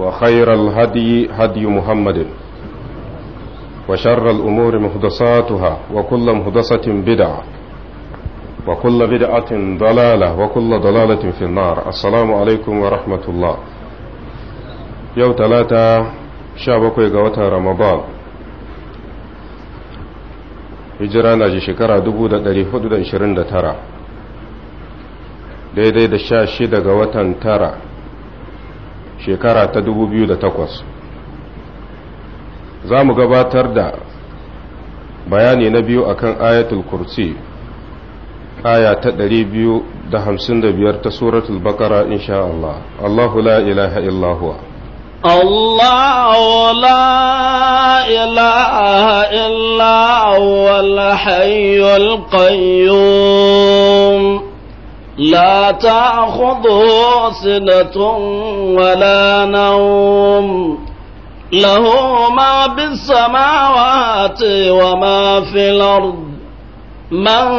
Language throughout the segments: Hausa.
وخير الهدي هدي محمد وشر الأمور محدثاتها وكل محدثة بدعة وكل بدعة ضلالة وكل ضلالة في النار السلام عليكم ورحمة الله يوم ثلاثة شابك وقوة رمضان hijira na ji shekara 429 daidai da sha shida ga watan tara shekara ta 2008 za mu gabatar da bayani na biyu akan ayatul kursi aya ta 255 ta suratul bakara insha Allah Allahu la ilaha illa Allahu la ilaha إله إلا هو الحي لا تأخذه سنة ولا نوم له ما بالسماوات وما في الأرض من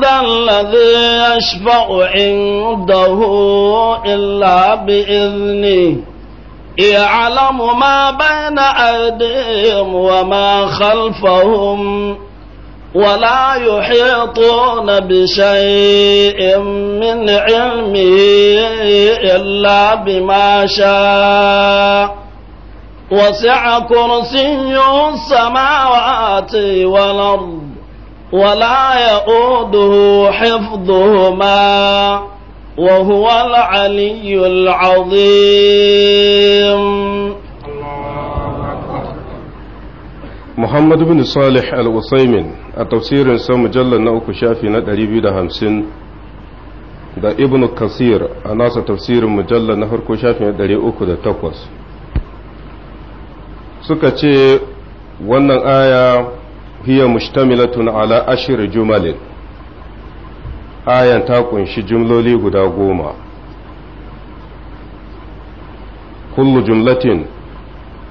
ذا الذي يشفع عنده إلا بإذنه يعلم ما بين أيديهم وما خلفهم ولا يحيطون بشيء من علمه إلا بما شاء وسع كرسي السماوات والأرض ولا يؤده حفظهما وهو العلي العظيم muhammad bin salih al-usaimin a tafsirin sa mujallar na uku shafi na 250 da ibn kasir a nasa tafsirin mujallar na farko shafi na 308 suka ce wannan aya hiya mushtamilatun ala ashir jumalin ayan ta kunshi jumloli guda goma kullu jumlatin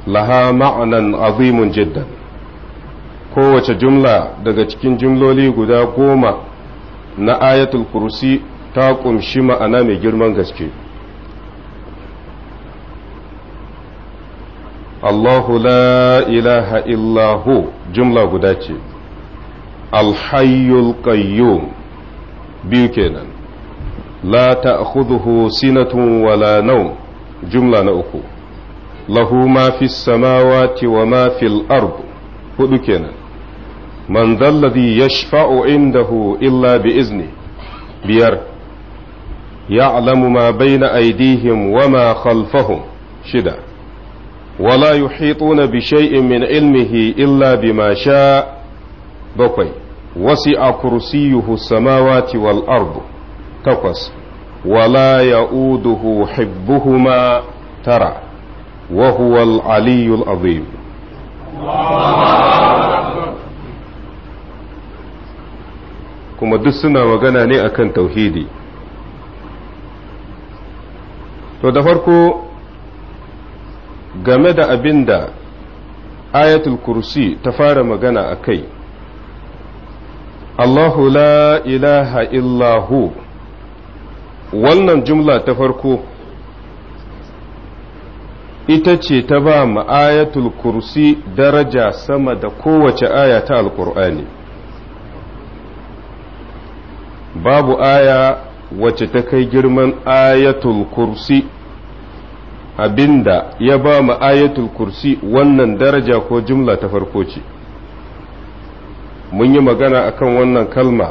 laha ma'anan azimun jiddan kowace jumla daga cikin jumloli guda goma na ayatul kursi ta ƙunshi ma'ana mai girman gaske Allahu la ilaha illahu jumla guda ce alhayyul qayyum biyu kenan la ta'khudhuhu sinatun wala nawm jumla na uku lahu ma fis samawati wa ma fil ard hudu kenan من ذا الذي يشفع عنده إلا بإذنه بير يعلم ما بين أيديهم وما خلفهم شدة ولا يحيطون بشيء من علمه إلا بما شاء بقي وسع كرسيه السماوات والأرض تقص ولا يؤوده حبهما ترى وهو العلي العظيم kuma duk suna magana ne akan tauhidi to da farko game da abin da ayatul kursi ta fara magana a kai Allahu la ilaha illahu wannan jumla ta farko ita ce ta ba mu ayatul kursi daraja sama da kowace aya ta alkur'ani babu aya wacce ta kai girman ayatul kursi abinda ya ba mu ayatul kursi wannan daraja ko jumla ta farko ce mun yi magana akan wannan kalma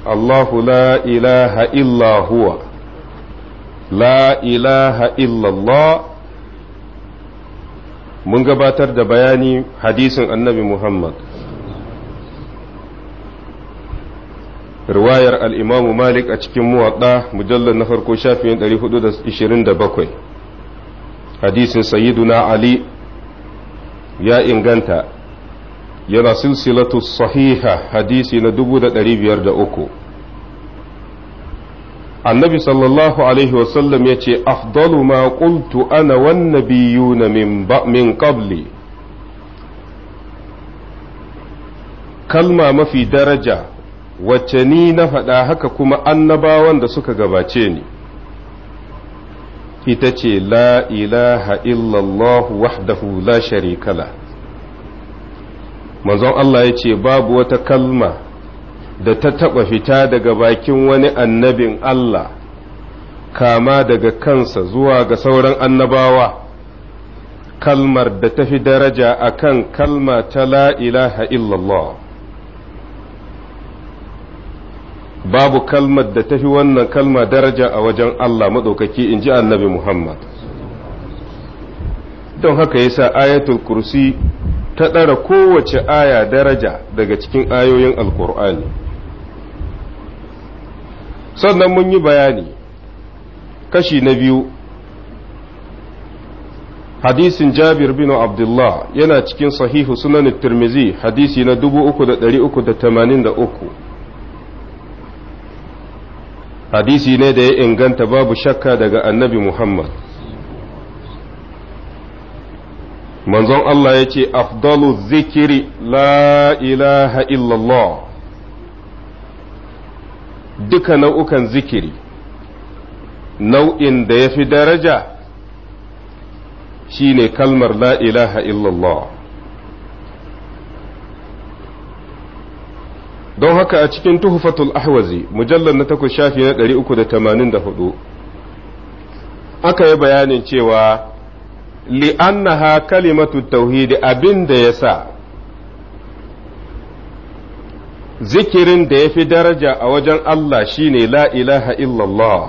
Allahu la ilaha illa huwa la ilaha illallah mun gabatar da bayani hadisin annabi Muhammad riwayar al'imamu malik a cikin muwaɗa mujallar na farko shafiyan 427 hadisin sayyiduna ali ya inganta yana silsilatu sahiha hadisi na 1503 annabi sallallahu alaihi wasallam ya ce afdalu ma qultu ana wan min qabli kalma mafi daraja wacce ni na faɗa haka kuma annabawan da suka gabace ni ita ce la ilaha illallah wahdahu la sharikala. manzon Allah ya ce babu wata kalma da ta taɓa fita daga bakin wani annabin Allah kama daga kansa zuwa ga sauran annabawa kalmar da ta fi daraja akan kalma ta la ilaha illallah babu kalmar da tafi wannan kalma daraja a wajen Allah maɗaukaki in ji annabi Muhammad don haka yasa ayatul kursi ta ɗara kowace aya daraja daga cikin ayoyin alkur'ani sannan mun yi bayani kashi na biyu hadisin jabir bin abdullah yana cikin sahihu sunan tirmizi hadisi na 3383 hadisi ne da ya inganta babu shakka daga annabi Muhammad manzon Allah ya ce afdalu zikiri la ilaha illallah duka nau'ukan zikiri nau'in da ya fi daraja shi ne kalmar la ilaha illallah don haka a cikin tuhufatul ahwazi mujallar na takwas shafi na 384 aka yi bayanin cewa li'annaha kalimatu tauhidi abin da ya sa zikirin da ya fi daraja a wajen Allah shine la ilaha illallah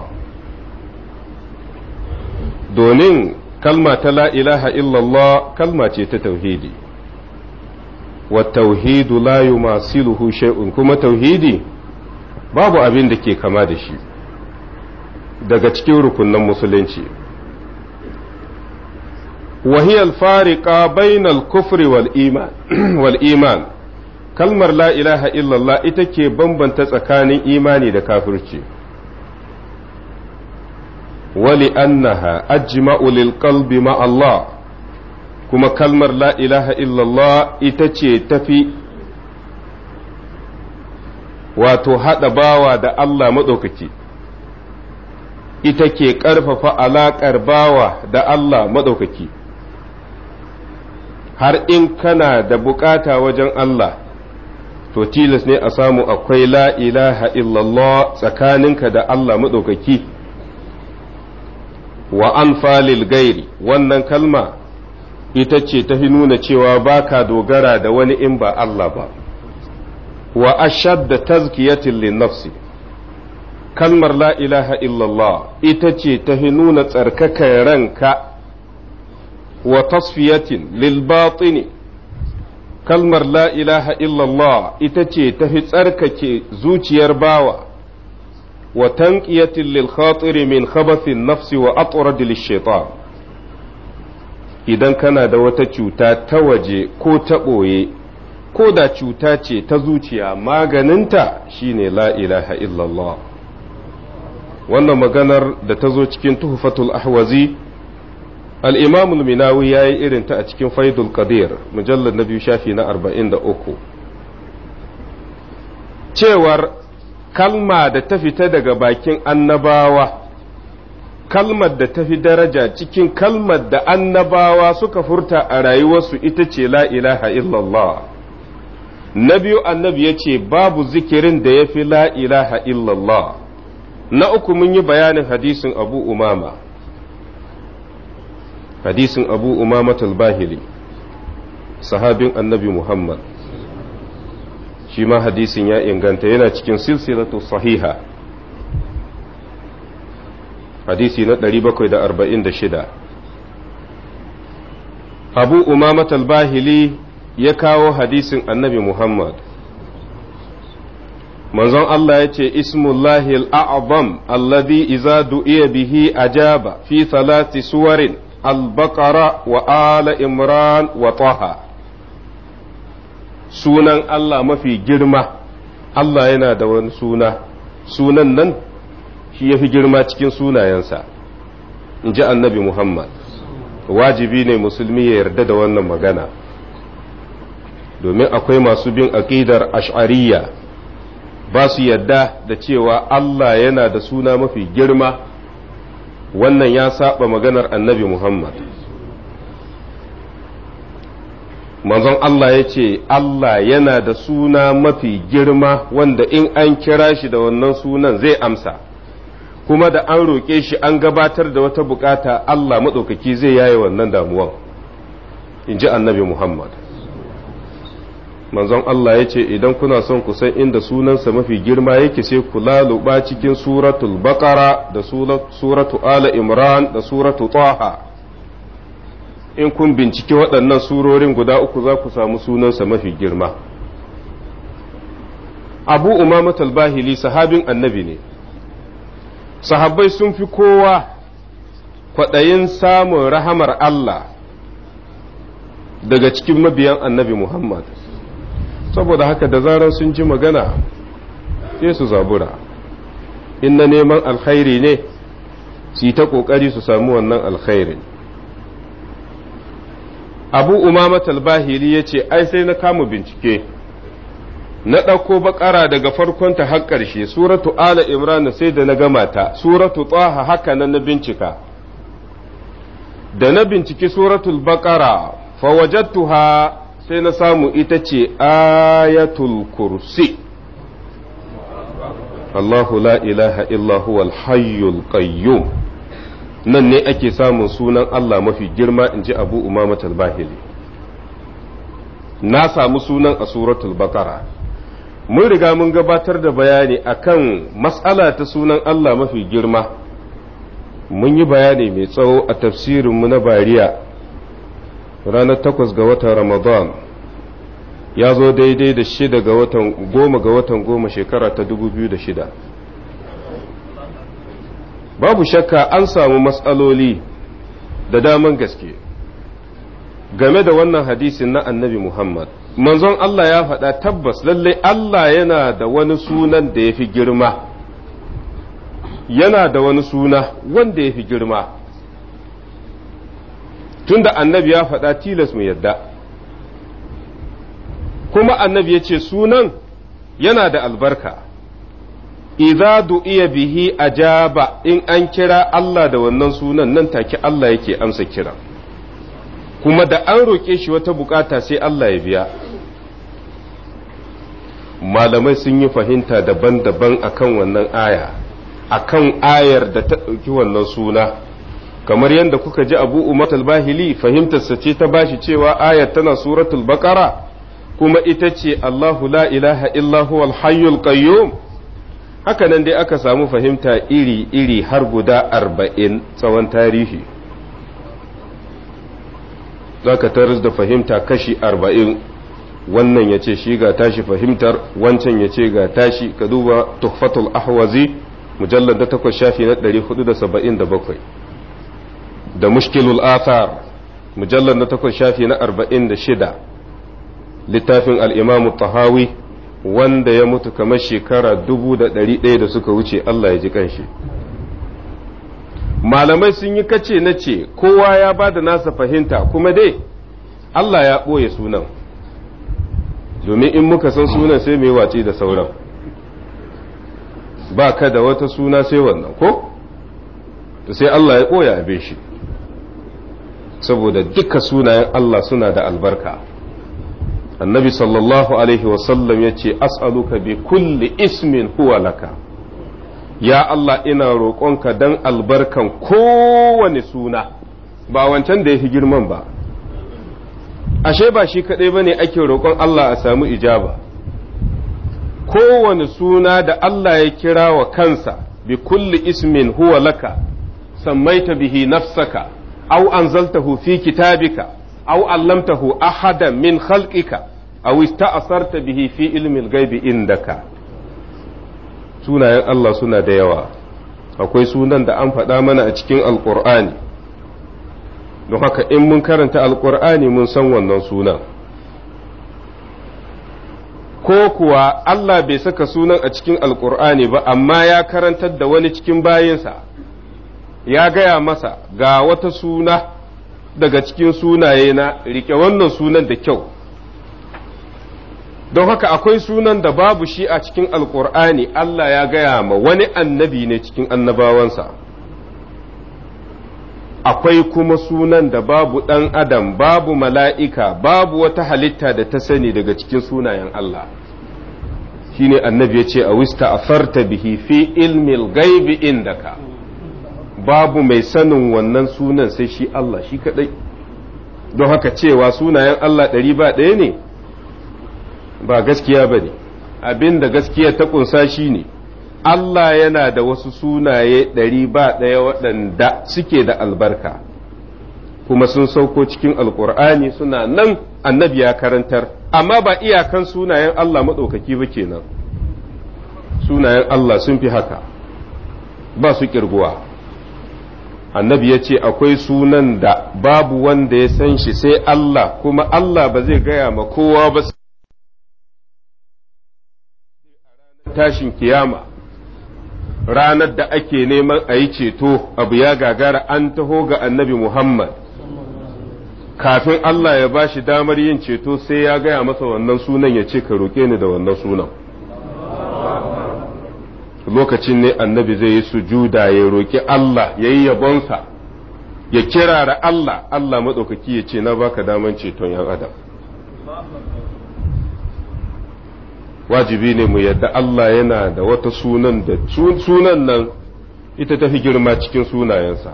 domin kalma ta la ilaha illallah kalma ce ta tauhidi wa tauhidu la yumasiluhu shay'un kuma tauhidi babu abin da ke kama da shi daga cikin rukunan musulunci وهي fariƙa bainal kufri wal iman kalmar la ilaha illallah ita ke bambanta tsakanin imani da kafirci wali annaha ajma'u lil qalbi ma Allah kuma kalmar la ilaha illallah ita ce tafi wato haɗa bawa da Allah maɗaukaki ita ke ƙarfafa alaƙar bawa da Allah maɗaukaki har in kana da bukata wajen Allah to tilas ne a samu akwai la ilaha illallah tsakaninka da Allah maɗaukaki wa an falil gairi wannan kalma ita ce ta fi nuna cewa ba ka dogara da wani in ba Allah ba wa ashad da tazkiyatin linnafsi kalmar la ilaha illallah ita ce ta fi nuna tsarkakan ranka wa tasfiyatin lil kalmar la ilaha illallah ita ce ta fi tsarkake zuciyar bawa wa tanqiyatin lil khatiri min khabathin nafsi wa atradil shaitan idan kana da wata cuta ta waje ko ta ɓoye ko da cuta ce ta zuciya maganinta shine la ilaha illallah wannan maganar da ta zo cikin tuhufatul ahwazi al-imam ya minawi yayi irin ta a cikin faidul qadir mujallar na biyu shafi na uku. cewar kalma da ta fita daga bakin annabawa kalmar da tafi daraja cikin kalmar da annabawa suka furta a rayuwarsu ita ce la ilaha illallah na biyu annabi ya ce babu zikirin da ya fi la ilaha illallah na uku mun yi bayanin hadisin abu umama hadisin abu umama talbahili sahabin annabi muhammad shi ma hadisin ya inganta yana cikin silsilatu sahiha hadisi na ɗari da arba'in 746 abu umama talbahili ya kawo hadisin annabi muhammad manzon Allah yace ismullahil ismullahi al'a'abam izadu iya du'iya bihi ajaba fi salati suwarin al-baqara wa ala imran wa taha sunan Allah mafi girma Allah yana da wani suna sunan nan shi ya fi girma cikin sunayensa in ji annabi muhammad wajibi ne musulmi ya yarda da wannan magana domin akwai masu bin aƙidar ash'ariya ba su yarda da cewa allah yana da suna mafi girma wannan ya saba maganar annabi muhammad manzon Allah ya ce Allah yana da suna mafi girma wanda in an kira shi da wannan sunan zai amsa kuma da an roƙe shi an gabatar da wata bukata Allah maɗaukaki zai yaye wannan damuwan in ji annabi Muhammad manzon Allah ya ce idan kuna son ku san inda sunansa mafi girma yake sai ku laluba cikin suratul baqara da suratu ala imran da suratu taha in kun bincike waɗannan surorin guda uku za ku samu sunansa mafi girma abu umama talbahili sahabin annabi ne sahabbai sun fi kowa kwaɗayin samun rahamar Allah daga cikin mabiyan annabi Muhammad saboda haka da zarar sun ji magana sai su zabura in na neman alkhairi ne su ta ƙoƙari su samu wannan alkhairi abu umama talbahiri ya ce ai sai na kama bincike na ɗauko baƙara daga farkon ta har ƙarshe suratu ala imran sai da na gama ta suratu tsaha haka nan na bincika da na binciki suratul baƙara fawajattuha sai na samu ita ce ayatul kursi Allahu la ilaha illahu hayyul qayyum nan ne ake samun sunan Allah mafi girma in ji abu umamatul bahili na samu sunan a suratul baƙara mun riga mun gabatar da bayani akan matsala ta sunan Allah mafi girma mun yi bayani mai tsawo a tafsirinmu na bariya ranar takwas ga watan ramadan ya zo daidai da shida ga watan goma ga watan goma shekara ta dubu biyu da shida babu shakka an samu matsaloli da daman gaske game da wannan hadisin na annabi muhammad manzon Allah ya faɗa tabbas lallai Allah yana da wani sunan da ya fi girma yana da wani suna wanda ya fi girma tunda annabi ya faɗa tilas mu yadda kuma annabi ya ce sunan yana da albarka idza du'iya bihi ajaba in an kira Allah da wannan sunan nan take Allah yake amsa kiran kuma da an roƙe shi wata bukata sai Allah ya biya malamai sun yi fahimta daban-daban akan wannan aya akan ayar da ta ɗauki wannan suna kamar yadda kuka ji abu umar al-bahili fahimtarsa ce ta bashi cewa ayar tana suratul baqara kuma ita ce Allahu la ilaha illahu alhayyul qayyum dai aka samu fahimta iri-iri har guda arba'in tsawon tarihi za ka tarar da fahimta kashi arba'in wannan ya ce shi ga tashi fahimtar wancan ya ce ga tashi ka duba tuhfatul ahwazi mujallar da takwas shafi na 477 da mushkilul athar mujallar da takwas shafi na 46 littafin al'imamu tahawi wanda ya mutu kamar shekara 1100 da suka wuce Allah ya ji kanshi malamai sun yi kace na ce kowa ya ba da nasa fahimta kuma dai Allah ya ɓoye sunan domin in muka san sunan sai mu yi watsi da sauran ba ka da wata suna sai wannan ko to sai Allah ya koya abin shi saboda duka sunayen Allah suna da albarka annabi sallallahu alaihi wasallam ya ce ka bi kulli ismin huwa laka ya Allah ina roƙonka don albarkan kowane suna ba wancan da ya fi girman ba ashe ba shi kaɗai ba ne ake roƙon Allah a samu ijaba kowane suna da Allah ya kira wa kansa bi kulli ismin huwa laka sammaita bihi nafsaka aw anzaltahu fi kitabika aw allamtahu ahada min khalqika aw ista'sarta bihi fi ilmin ghaibi indaka sunayen Allah suna da yawa akwai sunan da an faɗa mana a cikin alƙur'ani. don haka in mun karanta alkur'ani mun san wannan sunan ko kuwa Allah bai saka sunan a cikin alkur'ani ba amma ya karantar da wani cikin bayinsa ya gaya masa ga wata suna daga cikin sunaye na rike wannan sunan da kyau don haka akwai sunan da babu shi a cikin alkur'ani Allah ya gaya ma wani annabi ne cikin annabawansa akwai kuma sunan da babu ɗan adam babu mala'ika babu wata halitta da ta sani daga cikin sunayen Allah shine annabi ya ce a wista a farta bihi fi ilmil gaibi indaka babu mai sanin wannan sunan sai shi Allah shi kaɗai don haka cewa sunayen Allah ɗari ba ɗaya ne ba gaskiya ba ne abin da gaskiya ta ƙunsa shi ne Allah yana da wasu sunaye ɗari ba ɗaya waɗanda suke da albarka kuma sun sauko cikin alƙur'ani suna nan annabi ya karantar amma ba iyakan sunayen Allah maɗaukaki ba kenan sunayen Allah sun fi haka ba su ƙirguwa annabi ya ce akwai sunan da babu wanda ya san shi sai Allah kuma Allah ba zai gaya ma kowa ba tashin kiyama ranar da ake neman a yi ceto abu ya gagara an taho ga annabi Muhammad kafin Allah ya ba shi damar yin ceto sai ya gaya masa wannan sunan ya ce ka roƙe ni da wannan sunan lokacin ne annabi zai yi sujuda ya roƙi Allah ya yi yabonsa ya kirara Allah Allah maɗaukaki ya ce na baka damar ceton ‘yan adam’ wajibi ne mu yadda Allah yana da wata sunan da sunan nan ita tafi girma cikin sunayensa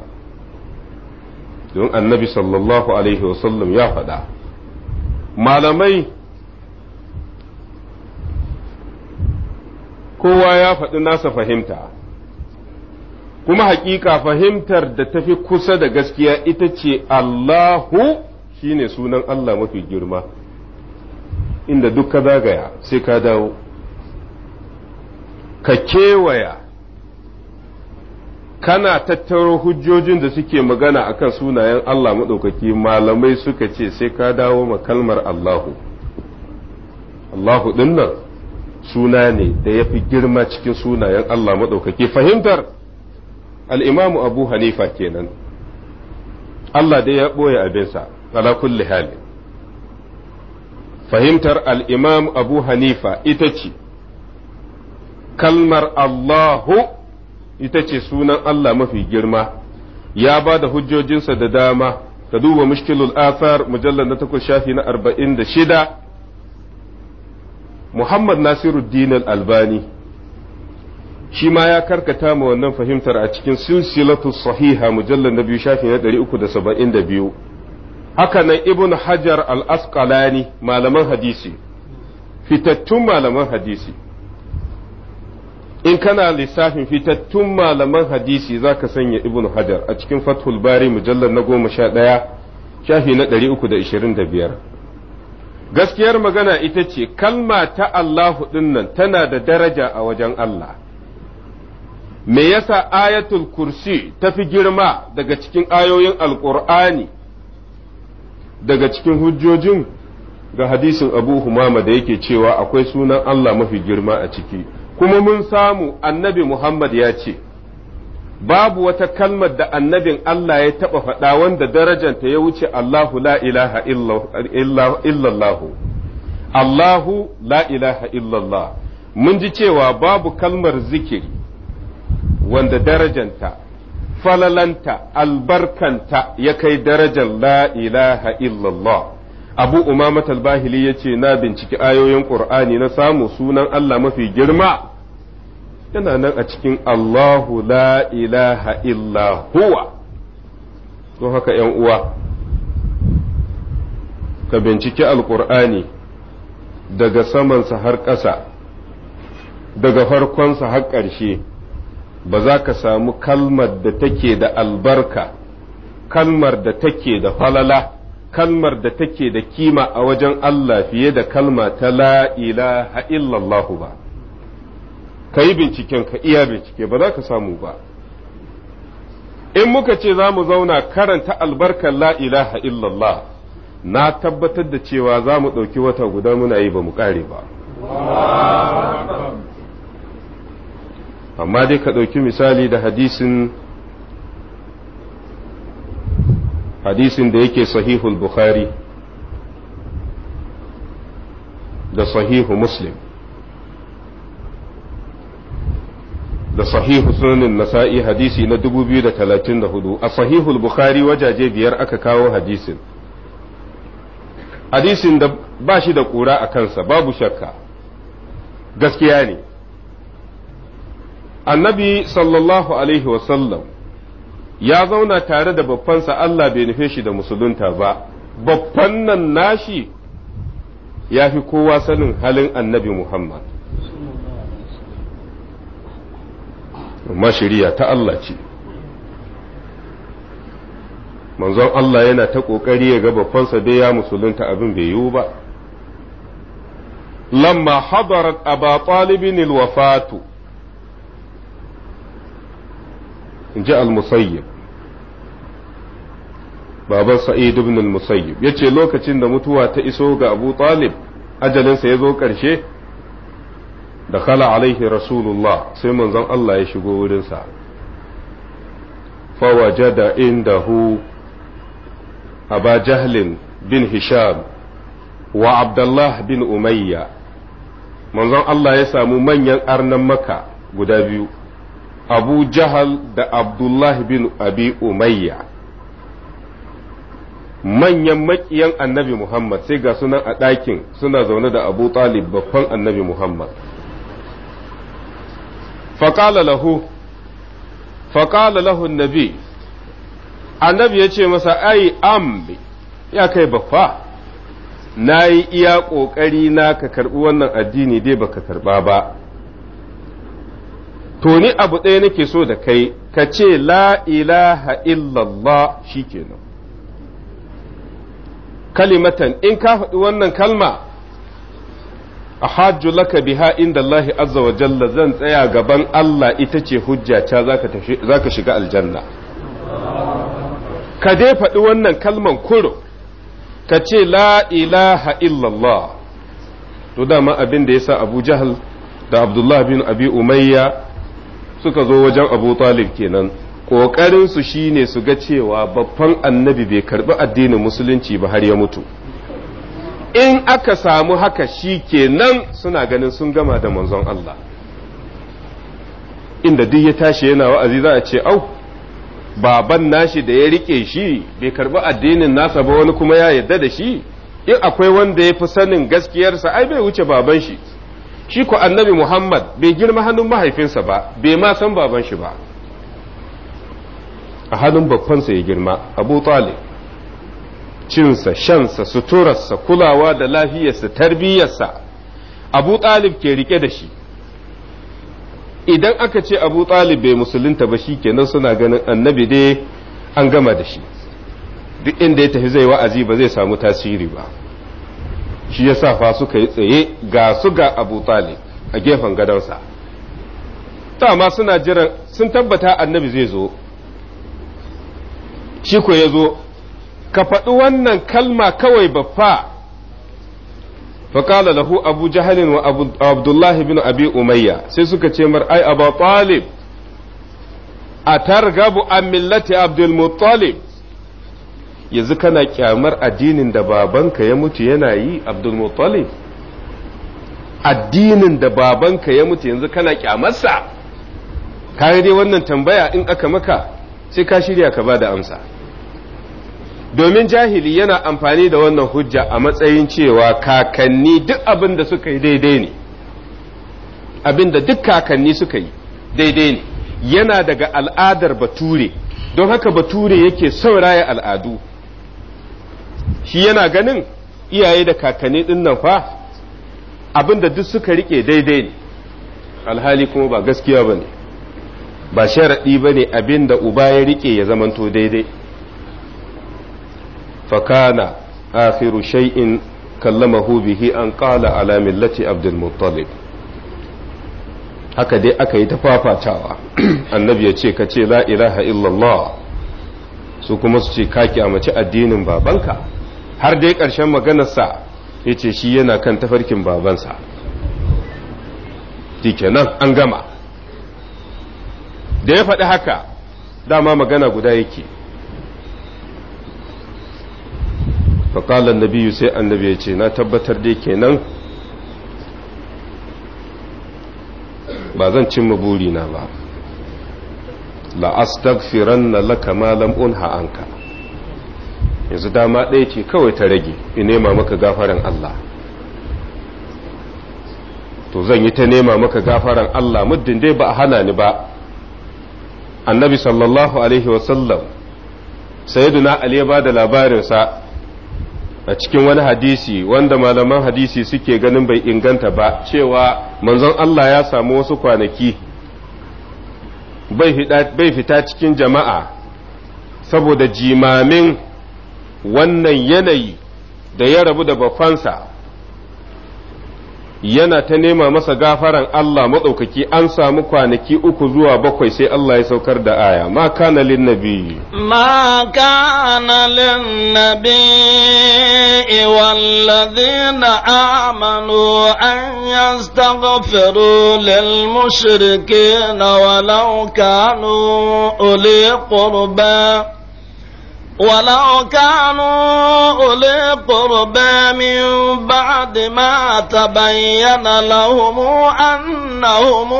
don annabi sallallahu alaihi wasallam ya faɗa malamai kowa ya faɗi nasa fahimta kuma haƙiƙa fahimtar da tafi kusa da gaskiya ita ce Allahu shine sunan Allah mafi girma inda duk ka zagaya sai ka dawo ka kewaya kana tattaro hujjojin da suke magana akan sunayen Allah maɗaukaki malamai suka ce sai ka dawo ma kalmar Allahu Allahu dinnan suna ne da ya fi girma cikin sunayen Allah maɗaukaki fahimtar al'imamu abu hanifa kenan Allah dai ya ɓoye abinsa ala kulli hali fahimtar al'imam abu hanifa ita ce kalmar allahu ita ce sunan allah mafi girma ya ba da hujjojinsa da dama ka duba mushkilul athar mujallar na takwas shafi na arba'in da shida muhammad nasiruddin albani shi ma ya karkata ma wannan fahimtar a cikin silsilatu sahiha mujallar na biyu shafi na ɗari uku da saba'in da biyu haka nan ibn hajar al-asqalani malaman hadisi fitattun malaman hadisi in kana lissafin fitattun malaman hadisi za ka sanya ibn hajar a cikin fathul bari mujallar na goma sha ɗaya shafi na ɗari uku da ishirin da biyar gaskiyar magana ita ce kalma ta Allahu ɗinnan tana da daraja a wajen Allah me yasa ayatul kursi ta fi girma daga cikin ayoyin alƙur'ani daga cikin hujjojin ga hadisin abu humama da yake cewa akwai sunan Allah mafi girma a ciki kuma mun samu annabi Muhammad ya ce babu wata kalmar da annabin Allah ya taɓa faɗa wanda darajanta ya wuce Allahu la ilaha Allahu la ilaha illallah mun ji cewa babu kalmar zikiri wanda darajanta falalanta albarkanta ya kai darajar la ilaha illallah abu umamat al ya ce na binciki ayoyin ƙur'ani na samu sunan allah mafi girma yana nan a cikin allahu la ilaha illa don haka yan uwa ka binciki alƙur'ani daga samansa har ƙasa daga farkonsa har ƙarshe ba za ka samu kalmar da take da albarka kalmar da take da falala kalmar da take da kima a wajen Allah fiye da kalma ta la ilaha illallahu ba ka binciken ka iya bincike ba za ka samu ba in muka ce za mu zauna karanta albarkar la ilaha illallah na tabbatar da cewa za mu ɗauki wata guda muna yi ba mu ƙare ba amma dai ka ɗauki misali da hadisin hadisin da yake sahihul bukhari da sahihu muslim da sahihu sunanin nasa'i hadisi na 2034 a sahihul bukhari wajaje biyar aka kawo hadisin hadisin da ba shi da ƙura a kansa babu shakka gaskiya ne annabi sallallahu alaihi wasallam ya zauna tare da babbansa Allah bai nufe shi da musulunta ba babban nan nashi ya fi kowa sanin halin annabi Muhammad mashiriya ta Allah ce manzon Allah yana ta ƙoƙari ya ga babbansa dai ya musulunta abin bai yiwu ba lamma hadarat aba talibin wafatu in ji al baban sa'id ibn al-musayyib yace lokacin da mutuwa ta iso ga abu talib ajalinsa ya zo ƙarshe da khala alaihi rasulullah sai manzon Allah ya shigo wurinsa fawajada indahu aba jahlin bin hisham wa abdallah bin umayya manzon Allah ya samu manyan arnan maka guda biyu abu jahal da abdullahi bin abi umayya manyan makiyan annabi muhammad sai ga sunan a ɗakin suna zaune da abu talib babban annabi muhammad faƙala lahu faƙala lahu nabi annabi ya ce masa ai am" ya kai baffa na yi iya ƙoƙari na ka karɓi wannan addini dai baka karɓa ba to ni abu ɗaya nake so da kai ka ce la ilaha illallah shikenan kalimatan in ka faɗi wannan kalma a hajju laka biha inda lahi azza wa jalla zan tsaya gaban Allah ita ce hujjata za ka shiga aljanna ka dai faɗi wannan kalman kuro ka ce la ilaha illallah to dama abin da ya sa abu jahal da Abdullahi bin abi umayya suka zo wajen abu talib kenan ƙoƙarinsu shi ne su ga cewa babban annabi bai karbi addinin musulunci ba har ya mutu in aka samu haka shi kenan suna ganin sun gama da manzon Allah inda duk ya tashi yana wa'azi za a ce au baban nashi da ya rike shi bai karbi addinin nasa ba wani kuma ya yadda da shi in akwai wanda ya fi sanin gaskiyarsa ai bai wuce baban shi shi ko annabi Muhammad bai girma hannun mahaifinsa ba bai ma san baban shi ba a hannun babbansa ya girma Abu Talib cinsa shansa suturarsa kulawa da lafiyarsa tarbiyarsa Abu Talib ke rike da shi idan aka ce Abu Talib bai musulunta ba shi kenan suna ganin annabi dai an gama da shi duk inda ya tafi zai wa'azi ba zai samu tasiri ba shi yasa fa suka yi tsaye ga su ga Abu a gefen gadonsa dama suna jiran sun tabbata annabi zai zo shi ko ya zo ka faɗi wannan kalma kawai baffa faƙala lahu abu jahalin wa abdullahi bin abi umayya sai suka ce mar ai abu talib a targabu an millati abdul yanzu kana kyamar addinin da babanka ya mutu yana yi abdulmuttalib addinin da babanka ya mutu yanzu kana kyamarsa kayan dai wannan tambaya in aka maka sai ka shirya ka ba da amsa domin jahili yana amfani da wannan hujja a matsayin cewa kakanni duk abin da suka yi daidai ne abin da duk kakanni suka yi daidai ne yana daga al'adar bature don haka bature yake sauraya al'adu shi yana ganin iyaye da kakanni ɗinnan nan fa abin duk suka rike daidai ne alhali kuma ba gaskiya ba ba sharaɗi ba ne abin da uba ya rike ya zamanto daidai fakana akhiru shay'in kallamahu bihi an qala ala millati abdul muttalib haka dai aka yi ta fafatawa annabi ya ce ka ce la ilaha illallah su kuma su ce ka kyamaci addinin babanka har dai ƙarshen maganarsa ya ce shi yana kan tafarkin babansa nan an gama da ya faɗi haka dama magana guda yake faƙalar nabiyu sai annabi ya ce na tabbatar dai kenan ba zan cimma burina ba la na laka malam lam unha anka yanzu dama ɗaya ce kawai ta rage in nema maka gafaran Allah to zan yi ta nema maka gafaran Allah muddin dai ba a hana ni ba annabi sallallahu alaihi wasallam sayyiduna ali ya ba da labarinsa a cikin wani hadisi wanda malaman hadisi suke ganin bai inganta ba cewa manzon Allah ya samu wasu kwanaki bai fita cikin jama'a saboda jimamin wannan yanayi da ya rabu da bafansa yana ta nema masa gafaran Allah maɗaukaki an samu kwanaki uku zuwa bakwai sai Allah ya saukar da aya ma kana lin nabi ma kana lin nabi amanu an yastaghfiru lil mushrikeena walau kanu uli qurba ولو كانوا أولي قربى من بعد ما تبين لهم أنهم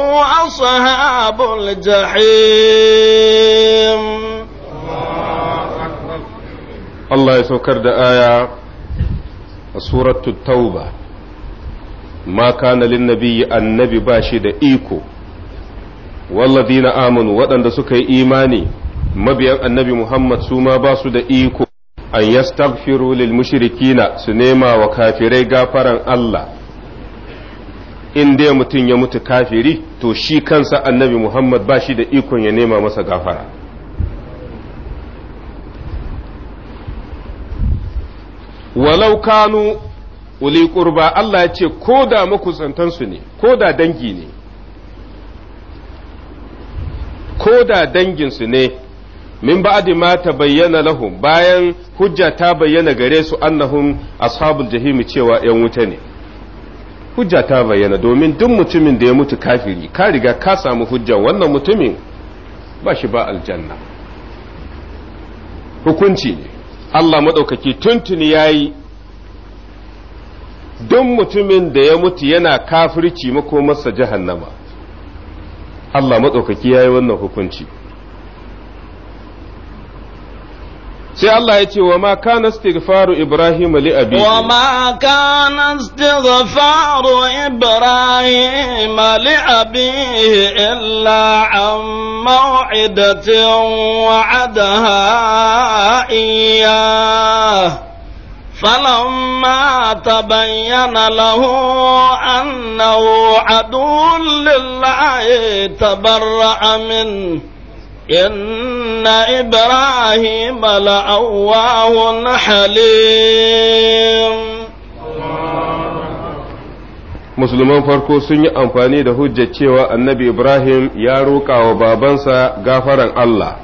أصحاب الجحيم الله يسكر آية سورة التوبة ما كان للنبي النبي باشد إيكو والذين آمنوا وأن سكي إيماني mabiyan annabi Muhammad su ma ba su da iko an yastaghfiru lil mushrikina su nema wa kafirai gafaran Allah in dai mutum ya mutu kafiri to shi kansa annabi Muhammad ba shi da ikon ya nema masa gafara walau kanu uli kurba Allah ya ce ko da makusantansu ne ko da dangi ne ko da danginsu ne min ba'di ma tabayyana lahum bayan hujja ta bayyana gare su annahum ashabul jahimi cewa yan wuta ne hujja ta bayyana domin duk mutumin da ya mutu kafiri ka riga ka samu hujja wannan mutumin ba shi ba aljanna hukunci ne Allah maɗaukaki tuntuni ya yi duk mutumin da ya mutu yana kafirci makomarsa jahannama Allah maɗaukaki ya yi wannan hukunci sai Allah ya ce wa ma kana istighfaru Ibrahim li abihi wa ma kana istighfaru Ibrahim li abihi illa an maw'idatin wa'adaha iyyah فلما تبين له أنه عدو لله تبرأ منه إن إبراهيم لأواه حليم musulman farko sun yi amfani da hujjar cewa annabi ibrahim ya roƙa wa babansa gafaran allah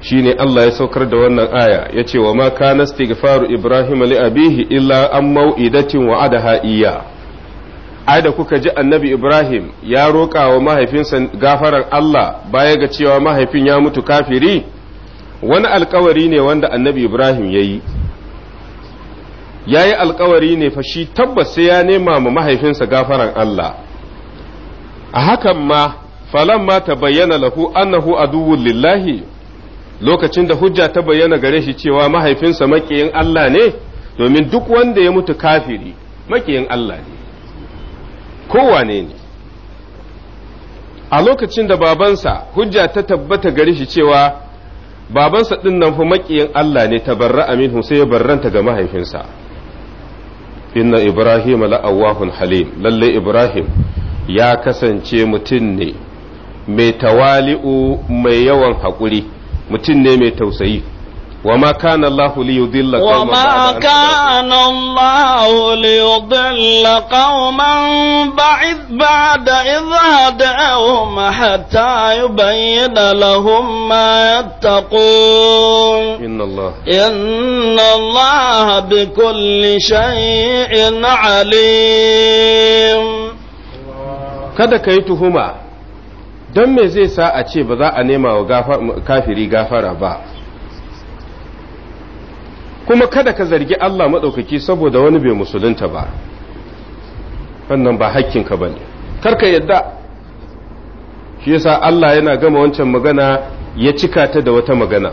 shi ne allah ya saukar da wannan aya ya ce wa ma kana stigfaru ibrahim li abihi illa an mau'idatin wa'adaha iya ai da kuka ji annabi Ibrahim ya roƙa wa mahaifinsa gafaran Allah baya ga cewa mahaifin ya mutu kafiri wani alkawari ne wanda annabi Ibrahim ya yi ya yi alkawari ne fa shi tabbas sai ya nema ma mahaifinsa gafaran Allah a hakan ma ma ta bayyana lahu annahu aduwwun lillahi lokacin da hujja ta bayyana gare shi cewa mahaifinsa makiyin Allah ne domin duk wanda ya mutu kafiri makiyin Allah ne kowane ne a lokacin da babansa hujja ta tabbata gare shi cewa babansa ɗin nan fa maƙiyin Allah ne ta barra aminu sai ya barranta ga mahaifinsa inna ibrahim la'awahun halim lalle ibrahim ya kasance mutum ne mai tawali'u mai yawan haƙuri mutum ne mai tausayi وما كان الله ليضل قوما وما كان الله ليضل قوما بعد بعد إذ هداهم حتى يبين لهم ما يتقون إن الله إن الله بكل شيء عليم kada ka yi tuhuma don me zai sa a ce ba za a nema wa kafiri gafara ba kuma kada ka zargi Allah maɗaukaki saboda wani bai musulunta ba wannan ba hakkinka ba ne karka yadda shi yasa Allah yana gama wancan magana ya cika ta da wata magana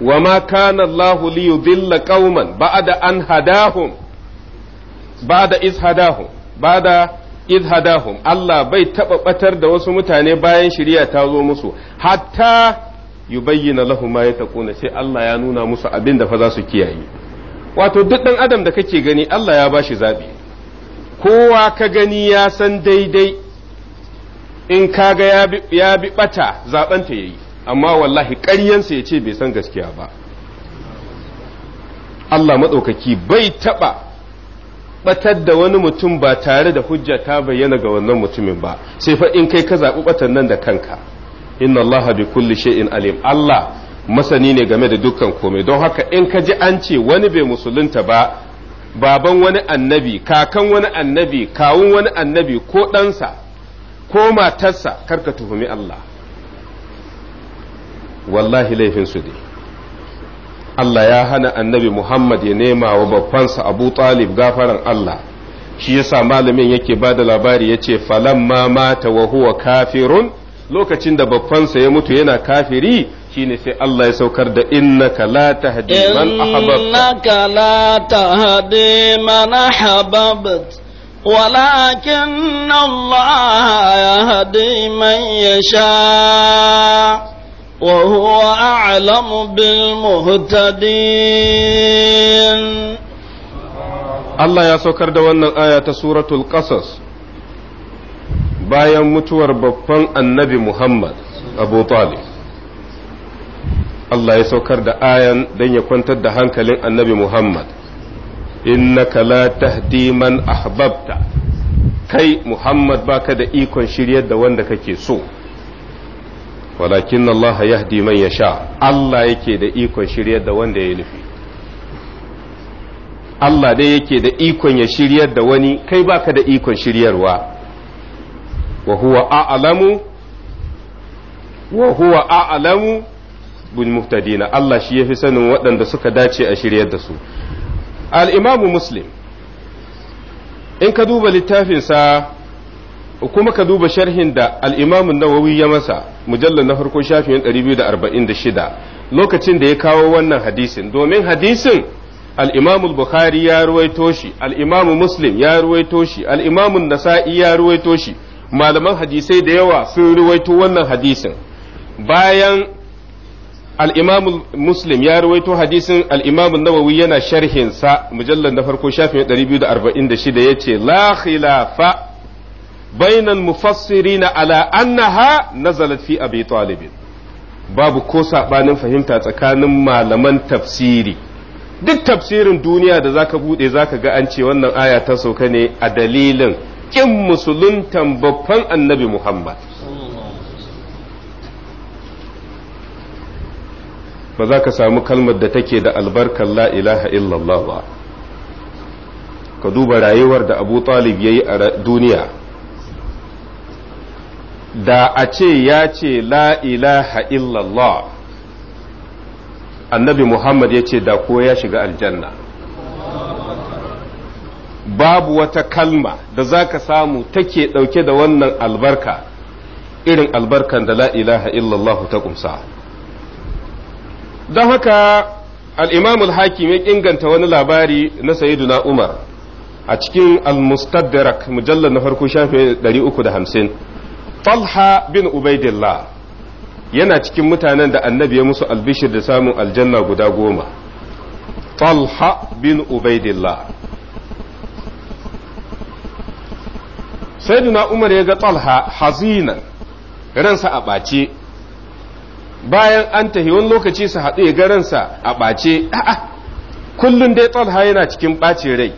wa ma kana Allah li yudilla qauman ba'da an hadahum ba'da iz hadahum ba'da iz hadahum Allah bai taba batar da wasu mutane bayan shari'a ta zo musu hatta yubayyana lahum ma yataquna sai Allah ya nuna musu abin da fa za su kiyaye wato duk dan adam da kake gani Allah ya bashi zabi kowa ka gani ya san daidai in kaga ya bi ya bi bata zaben ta yayi amma wallahi ƙaryansa ya ce bai san gaskiya ba Allah madaukaki bai taɓa batar da wani mutum ba tare da hujja ta bayyana ga wannan mutumin ba sai fa in kai ka zaɓi batan nan da kanka inna allaha bi kulli shay'in alim Allah masani ne game da dukkan komai don haka in ka ji an ce wani bai musulunta ba baban wani annabi kakan wani annabi kawun wani annabi ko ɗansa ko matarsa karka tuhumi Allah wallahi laifin su ne Allah ya hana annabi Muhammad ya nema wa babbansa Abu Talib gafaran Allah shi yasa malamin yake ba da labari ya ce falamma mata wa huwa kafirun lokacin da babbansa ya mutu yana kafiri shine sai Allah ya saukar da innaka la tahdi man ahbabta innaka la tahdi man ahbabta ولكن الله يهدي من يشاء وهو أعلم بالمهتدين الله يا سكر دوانا آية سورة القصص bayan mutuwar babban annabi Muhammad Abu Talib Allah ya saukar da ayan don ya kwantar da hankalin annabi Muhammad innaka la tahdi man ahbabta kai Muhammad baka da ikon shiryar da wanda kake so walakin Allah yahdi man sha Allah yake da ikon shiryar da wanda ya nufi Allah dai yake da ikon ya shiryar da wani kai baka da ikon shiryarwa Wahuwa huwa a'lamu wa huwa a'lamu bil muhtadina Allah shi ya fi sanin waɗanda suka dace a shirya da su al-imam muslim in ka duba littafinsa kuma ka duba sharhin da al-imam an-nawawi ya masa mujallar na farko shafin 246 lokacin da ya kawo wannan hadisin domin hadisin الإمام Bukhari ya روي توشي al'imamu muslim ya روي توشي الإمام Nasai ya روي توشي malaman hadisai da yawa sun ruwaito wannan hadisin bayan al'imamu muslim ya ruwaito hadisin al'imamu nawawi yana sharhinsa mujallar na farko shafin 246 ya ce la khilafa bainan na ala annaha nazalat fi abi talibin babu ko saɓanin fahimta tsakanin malaman tafsiri duk tafsirin duniya da zaka bude zaka ga an ce wannan aya ta sauka ne a dalilin ƙin musuluntan babban annabi Muhammad. Ba za ka samu kalmar da take da albarkar la ilaha illallah ba. Ka duba rayuwar da Abu Talib ya yi a duniya. Da a ce ya ce la ilaha illallah, annabi Muhammad ya ce da ko ya shiga aljanna. babu wata kalma da za ka samu take ɗauke da wannan albarka irin albarkan da la ilaha illallah ta kumsa don haka al'imamul hakim ya inganta wani labari na sayiduna umar a cikin al-mustadrak mujallar na farko shafe 350 Falha bin ubaidillah yana cikin mutanen da annabi ya musu albishir da samun aljanna guda goma falha bin ubaidillah sayyiduna umar ya ga talha hazina ransa a ɓace bayan an tahi wani lokaci su haɗu ya ga ransa a ɓace a'a kullum dai talha yana cikin ɓace rai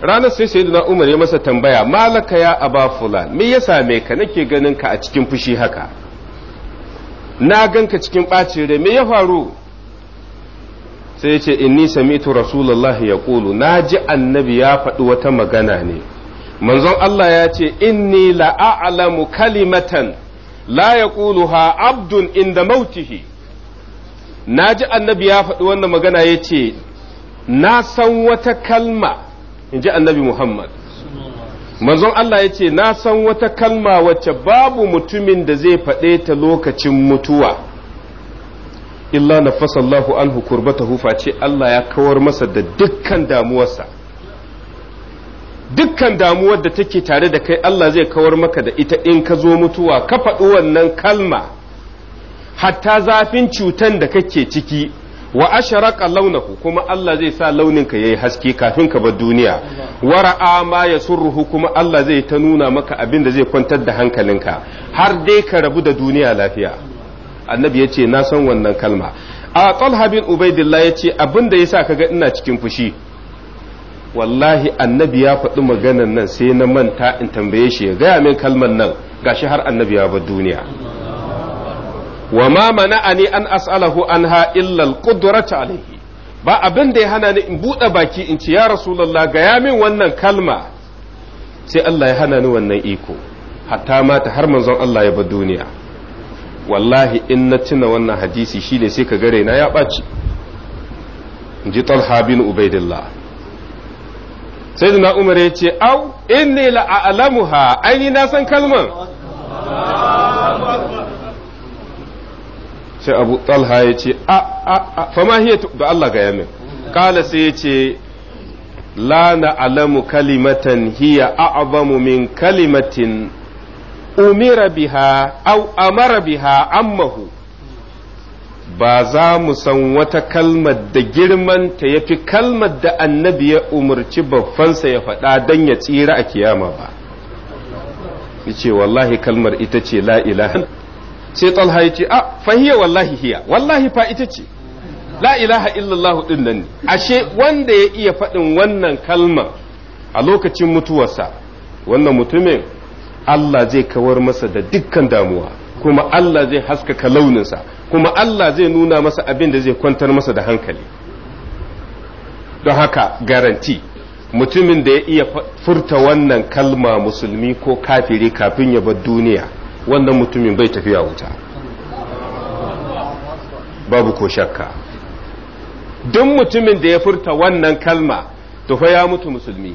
ranar sai sayyiduna umar ya masa tambaya malaka ya aba fulan me ya same ka nake ganin ka a cikin fushi haka na ganka cikin ɓacin rai me ya faru sai ya ce inni sami'tu rasulullahi kulu na ji annabi ya faɗi wata magana ne manzon Allah ya ce inni alamu kalimatan la yaquluha abdun inda mautihi naji annabi ya faɗi wannan magana ya ce na san wata kalma in ji annabi Muhammad manzon Allah ya ce na san wata kalma wacce babu mutumin da zai faɗe ta lokacin mutuwa illa na fasallahu anhu kurbatahu face Allah ya kawar masa da dukkan damuwarsa dukkan damuwar da take tare da kai Allah zai kawar maka da ita in ka zo mutuwa ka faɗi wannan kalma hatta zafin cutan da kake ciki wa asharaqa launahu kuma Allah zai sa launin ka yayi haske kafin ka bar duniya wara'a ma yasurruhu kuma Allah zai ta nuna maka abin da zai kwantar da hankalinka har dai ka rabu da duniya lafiya annabi ya ce na san wannan kalma a talha bin ubaidillah ya ce abin da ya sa kaga ina cikin fushi wallahi annabi ya faɗi maganan nan sai na manta in tambaye shi ya gaya min kalmar nan gashi har annabi ya bar duniya wa ma mana'ani an as'alahu anha illa al-qudratu alayhi ba abin da ya hana ni in buɗe baki in ci ya rasulullah gaya min wannan kalma sai Allah ya hana ni wannan iko hatta mata har manzon Allah ya bar duniya wallahi in na tuna wannan hadisi shine sai ka gare na ya ɓaci in ji talha ubaidillah sai na umar ya ce au inni la'alamuha aini na san kalmar. sai abu talha ya ce a a a fama hiya da Allah ga yamin kala sai ya ce la na'alamu kalimatan hiya a'zamu min kalimatin umira biha au amara biha ammahu ba za mu san wata kalmar da girman ta ya fi kalmar da annabi ya umarci babbansa ya faɗa don ya tsira a kiyama ba ce wallahi kalmar ita ce la ilaha sai talha ce a fahiya wallahi hiya wallahi fa ita ce la ilaha illallahu nan ashe wanda ya iya faɗin wannan kalmar a lokacin mutuwarsa wannan mutumin Allah zai kawar masa da dukkan damuwa kuma Allah zai haskaka launinsa kuma Allah zai nuna masa abin da zai kwantar masa da hankali don haka garanti mutumin da ya iya furta wannan kalma musulmi ko kafiri kafin ya bar duniya wannan mutumin bai tafiya wuta babu ko shakka duk mutumin da ya furta wannan kalma to fa ya mutu musulmi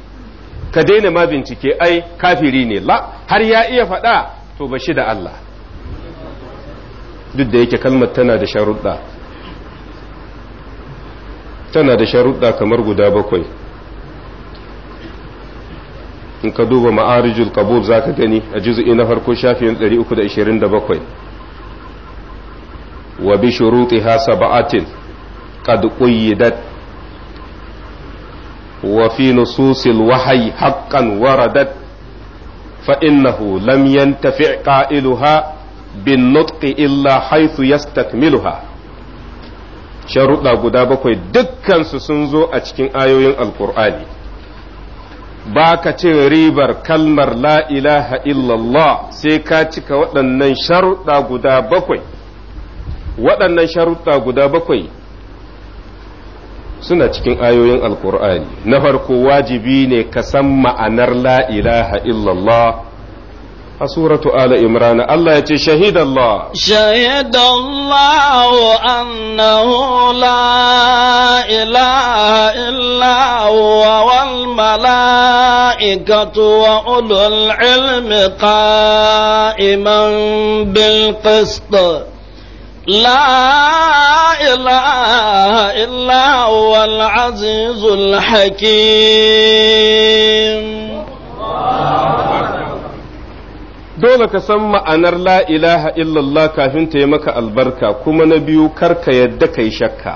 ka daina ma bincike ai kafiri ne la har ya iya faɗa to ba shi da Allah duk da yake kalmar tana da sharuɗa tana da sharuɗa kamar guda bakwai in ka duba ma'arijul kabul za ka gani a juz'i na farko shafiyan 327 wa bi shurutiha sab'atin qad dat wa fi nususil wahyi haqqan waradat fa innahu lam yantafi' qailuha bin nutqi illa haythu yastakmiluha sharuɗa guda bakwai dukkansu sun zo a cikin ayoyin alkur'ani ba ka cin ribar kalmar la ilaha Allah sai ka cika waɗannan sharuɗa guda bakwai waɗannan sharuɗa guda bakwai suna cikin ayoyin alkur'ani na farko wajibi ne ka san ma'anar la ilaha illallah أسورة آل إمران الله شهيد الله شهد الله أنه لا إله إلا هو والملائكة وأولو العلم قائما بالقسط لا إله إلا هو العزيز الحكيم dole ka san ma'anar la ilaha illallah kafin ta yi maka albarka kuma na biyu kar ka yadda kai shakka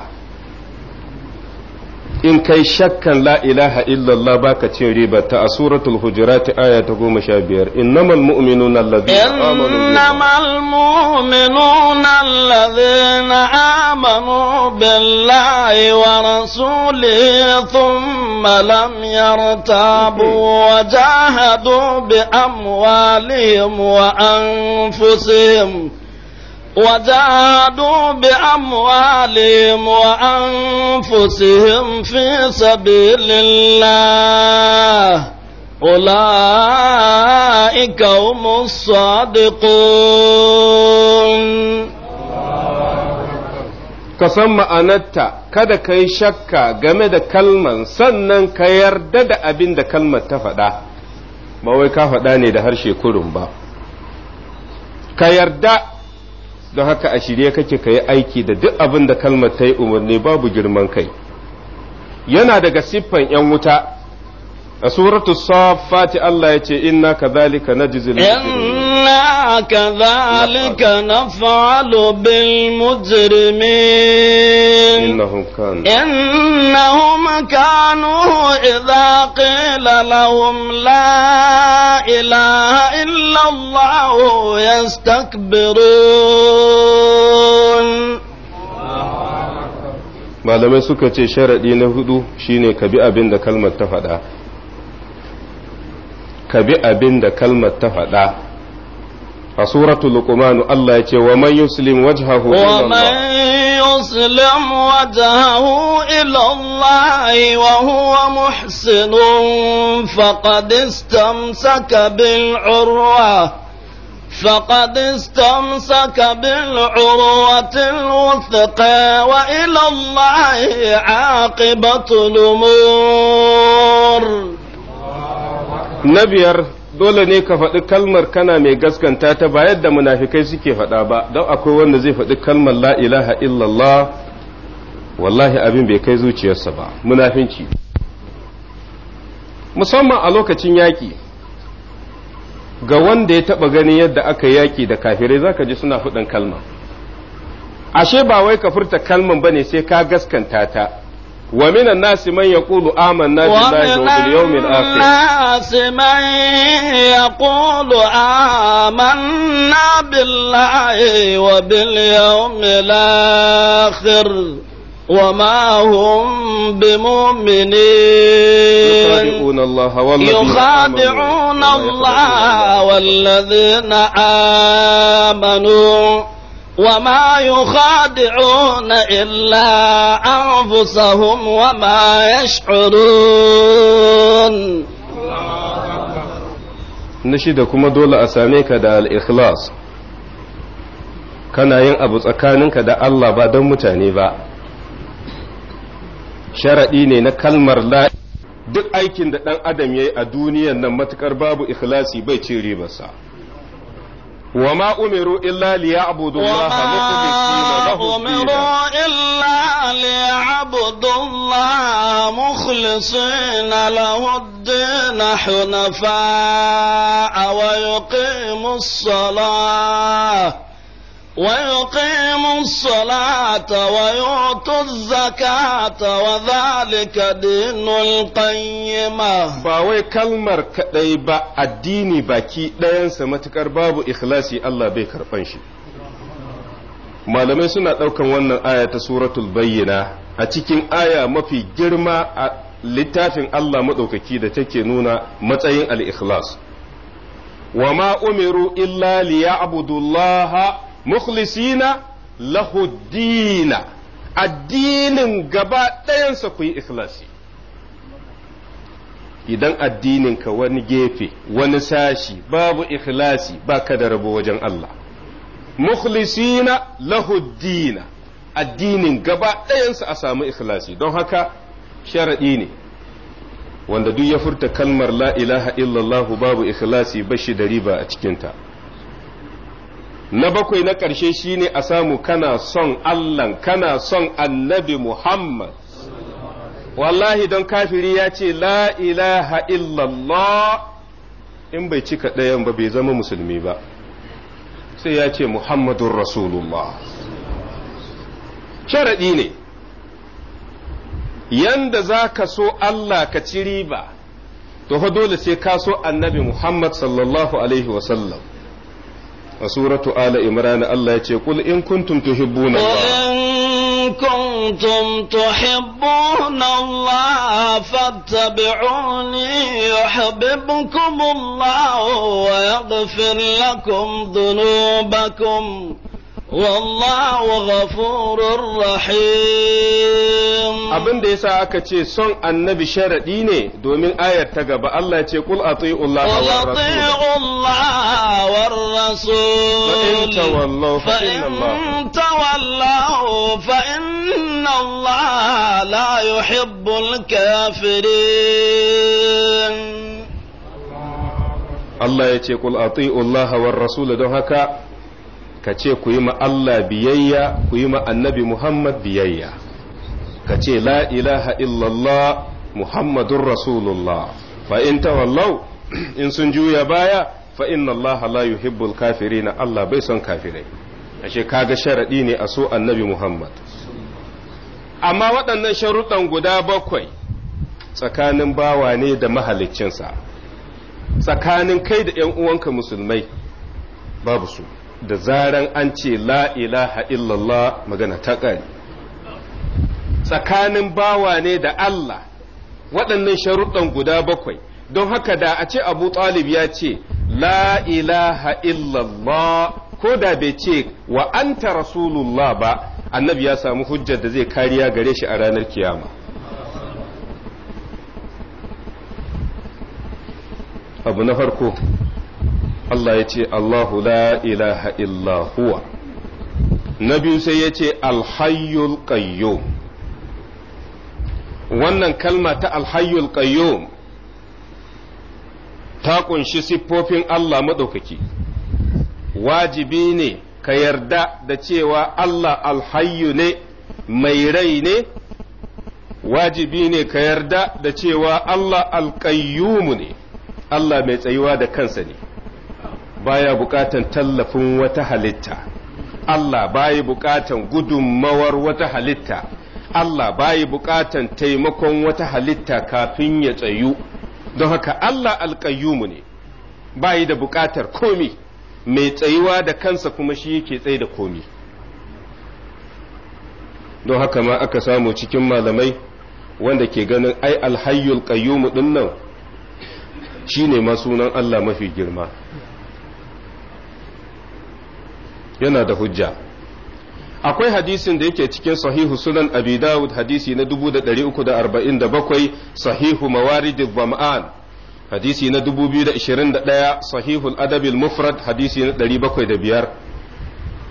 in kai shakkan la ilaha illallah baka cin riba ta a suratul hujurat aya ta goma sha biyar innamal mu'minuna alladhina amanu innamal mu'minuna alladhina amanu billahi wa rasulihi thumma lam yartabu wa jahadu bi amwalihim wa anfusihim وجاهدوا بأموالهم وأنفسهم في سبيل الله أولئك هم الصادقون ka san ma'anarta kada ka yi shakka game da kalman sannan ka yarda da abin da kalmar ta faɗa ba wai ka faɗa ne da harshe kurun ba ka yarda don haka a shirye kake ka yi aiki da duk abin da kalmar ta yi umarni babu girman kai yana daga siffan 'yan wuta a suratu safati Allah ya ce inna kadhalika najzil inna kadhalika naf'alu كانوا إذا قيل لهم لا إله إلا الله يستكبرون malamai suka ce sharaɗi na hudu shine ka bi abin da kalmar ta faɗa ka bi abin da kalmar ta faɗa a suratu luqman Allah ya ce wa man yuslim wajhahu wa man yuslim wajhahu ila Allah wa huwa muhsinun faqad istamsaka bil urwa فقد استمسك بالعروة الوثقى وإلى الله عاقبة الأمور نبير dole ne ka faɗi kalmar kana mai gaskanta ta ba yadda munafikai suke faɗa ba don akwai wanda zai faɗi kalmar la ilaha illallah wallahi abin bai kai zuciyarsa ba munafinci musamman a lokacin yaƙi ga wanda ya taɓa ganin yadda aka yaƙi da kafirai zaka ji suna faɗin kalma ashe ba wai ka furta kalman ne sai ka gaskanta ta ومن الناس من يقول آمنا بالله وباليوم الآخر ومن الناس من يقول آمنا بالله وباليوم الآخر وما هم بمؤمنين يخادعون الله والذين يخادعون الله والذين آمنوا وما يخادعون إلا shida kuma dole a كما دولة أساميك دا الإخلاص kana yin abu tsakaninka da Allah ba don mutane ba sharaɗi ne na kalmar la duk aikin da ɗan adam ya yi a duniyan nan matukar babu ikhlasi bai ce ribarsa وما أمروا إلا ليعبدوا الله مخلصين له أمروا إلا ليعبدوا الله مخلصين له الدين حنفاء ويقيموا الصلاة ويقيموا الصلاة ويعطوا الزكاة وذلك دين القيمة باوي كلمر كدي با الديني باكي ديان سمتكر باب إخلاصي الله بيكر فانشي malamai suna ɗaukar wannan aya ta suratul bayyana a cikin aya mafi girma a littafin Allah maɗaukaki da take nuna matsayin al wa ma umiru illa liya'budullaha mukhlisina lahuddina addinin gaba ɗayansa ku yi ikhlasi idan addininka wani gefe wani sashi babu ikhlasi ka da rabo wajen Allah mukhlisina lahuddina addinin gaba ɗayansa a samu ikhlasi don haka sharaɗi ne wanda duk ya furta kalmar la ilaha illallah babu ikhlasi bashi da riba a cikinta na bakwai na ƙarshe shine a samu kana son Allah kana son annabi Muhammad wallahi don kafiri ya ce la ilaha illallah in bai cika ɗayan ba bai zama musulmi ba sai ya ce Muhammadun Rasulullah sharaɗi ne yanda za ka so Allah ka ci riba to fa dole sai ka so annabi Muhammad sallallahu alaihi wasallam سورة آل إمران الله يقول إن كنتم تحبون الله إن كنتم تحبون الله فاتبعوني يحببكم الله ويغفر لكم ذنوبكم wallahu ghafurur rahim abin da yasa aka ce son annabi sharadi ne domin ayar ta gaba Allah ya ce qul atiiu Allah wa rasul fa in tawallahu fa inna Allah la yuhibbul kafirin Allah ya ce qul atiiu Allah wa rasul don haka ka ce ku yi ma Allah biyayya ku yi ma annabi Muhammad biyayya ka ce la ilaha illallah Muhammadun Rasulullah fa in tawallau in sun juya baya fa inna Allah la yuhibbul kafirina Allah bai son kafirai ashe kaga sharaɗi ne a so annabi Muhammad amma waɗannan sharuɗan guda bakwai tsakanin bawa ne da mahaliccinsa tsakanin kai da ‘yan uwanka musulmai babu su da zaran an ce la ilaha illallah magana ta ƙari tsakanin bawa ne da Allah waɗannan sharuɗan guda bakwai don haka da a ce abu talib ya ce la ilaha illallah ko da bai ce wa an ta rasulullah ba annabi ya samu hujjar da zai kariya gare shi a ranar kiyama abu na farko Allah ya ce Allahu la ilaha illa huwa na biyu sai ya ce alhayyul qayyum wannan kalma ta alhayyul qayyum ta kunshi siffofin Allah maɗaukaki wajibi ne ka yarda da cewa Allah alhayyu ne mai rai ne wajibi ne ka yarda da cewa Allah alƙayyumu ne Allah mai tsayuwa da kansa ne baya bukatan tallafin wata halitta Allah bayi bukatan gudunmawar wata halitta Allah bayi bukatan taimakon wata halitta kafin ya tsayu don haka Allah alƙayyumu ne bayi da bukatar komi mai tsayuwa da kansa kuma shi yake tsaye da komi don haka ma aka samu cikin malamai wanda ke ganin ai alhayyul qayyumu din nan shine ma sunan Allah mafi girma yana da hujja akwai hadisin da yake cikin sahihu sunan abi dawud hadisi na 347 sahihu mawarid dhama'an hadisi na 2021 sahihul adabil mufrad hadisi na 705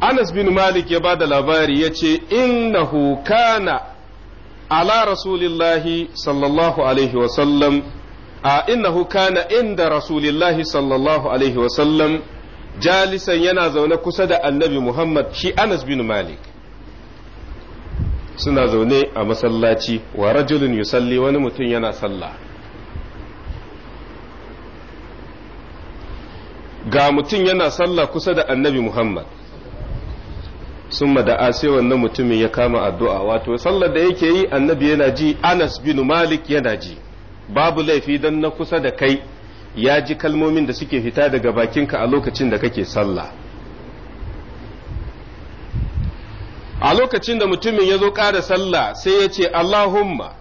Anas bin Malik ya ba da labari ya ce, Innahu kana ala rasulillahi sallallahu alaihi wasallam, a innahu kana inda rasulillahi sallallahu alaihi wasallam jalisan yana zaune kusa da annabi Muhammad shi Anas bin Malik suna zaune a masallaci wa rajulun yusalli wani mutum yana sallah ga mutum yana sallah kusa da annabi Muhammad sun da'a sai wannan mutumin ya kama addu'a wato sallar da yake yi annabi yana ji Anas bin Malik yana ji babu laifi don na kusa da kai ya ji kalmomin da suke fita daga bakinka a lokacin da kake sallah a lokacin da mutumin ya zo ƙara sallah sai ya ce Allahumma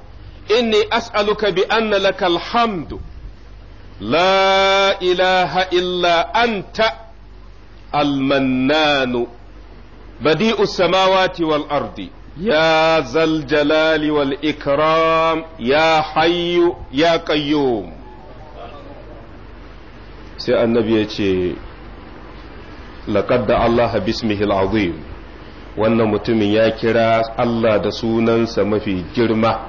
inni as'aluka bi anna laka alhamdu. la ilaha illa anta almannanu badi'u samawati wal ardi ya zal jalali wal ikram ya hayyu ya qayyum sai annabi ya ce laƙadda Allah bismihi al-azim wannan mutumin ya kira Allah da sunansa mafi girma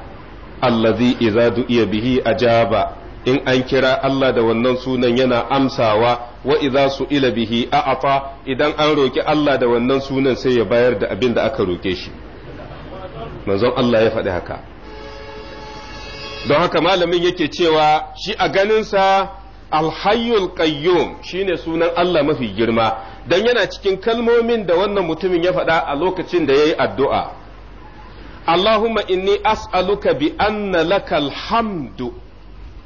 allazi idza du'iya bihi a jaba in an kira Allah da wannan sunan yana amsawa wa su ila bihi a'ata idan an roki Allah da wannan sunan sai ya bayar da abin da aka roke shi manzon Allah ya faɗi haka don haka malamin yake cewa shi a ganinsa alhayyul qayyum shine sunan Allah mafi girma dan yana cikin kalmomin da wannan mutumin ya faɗa a lokacin da yayi addu'a Allahumma inni as'aluka bi anna lakal hamdu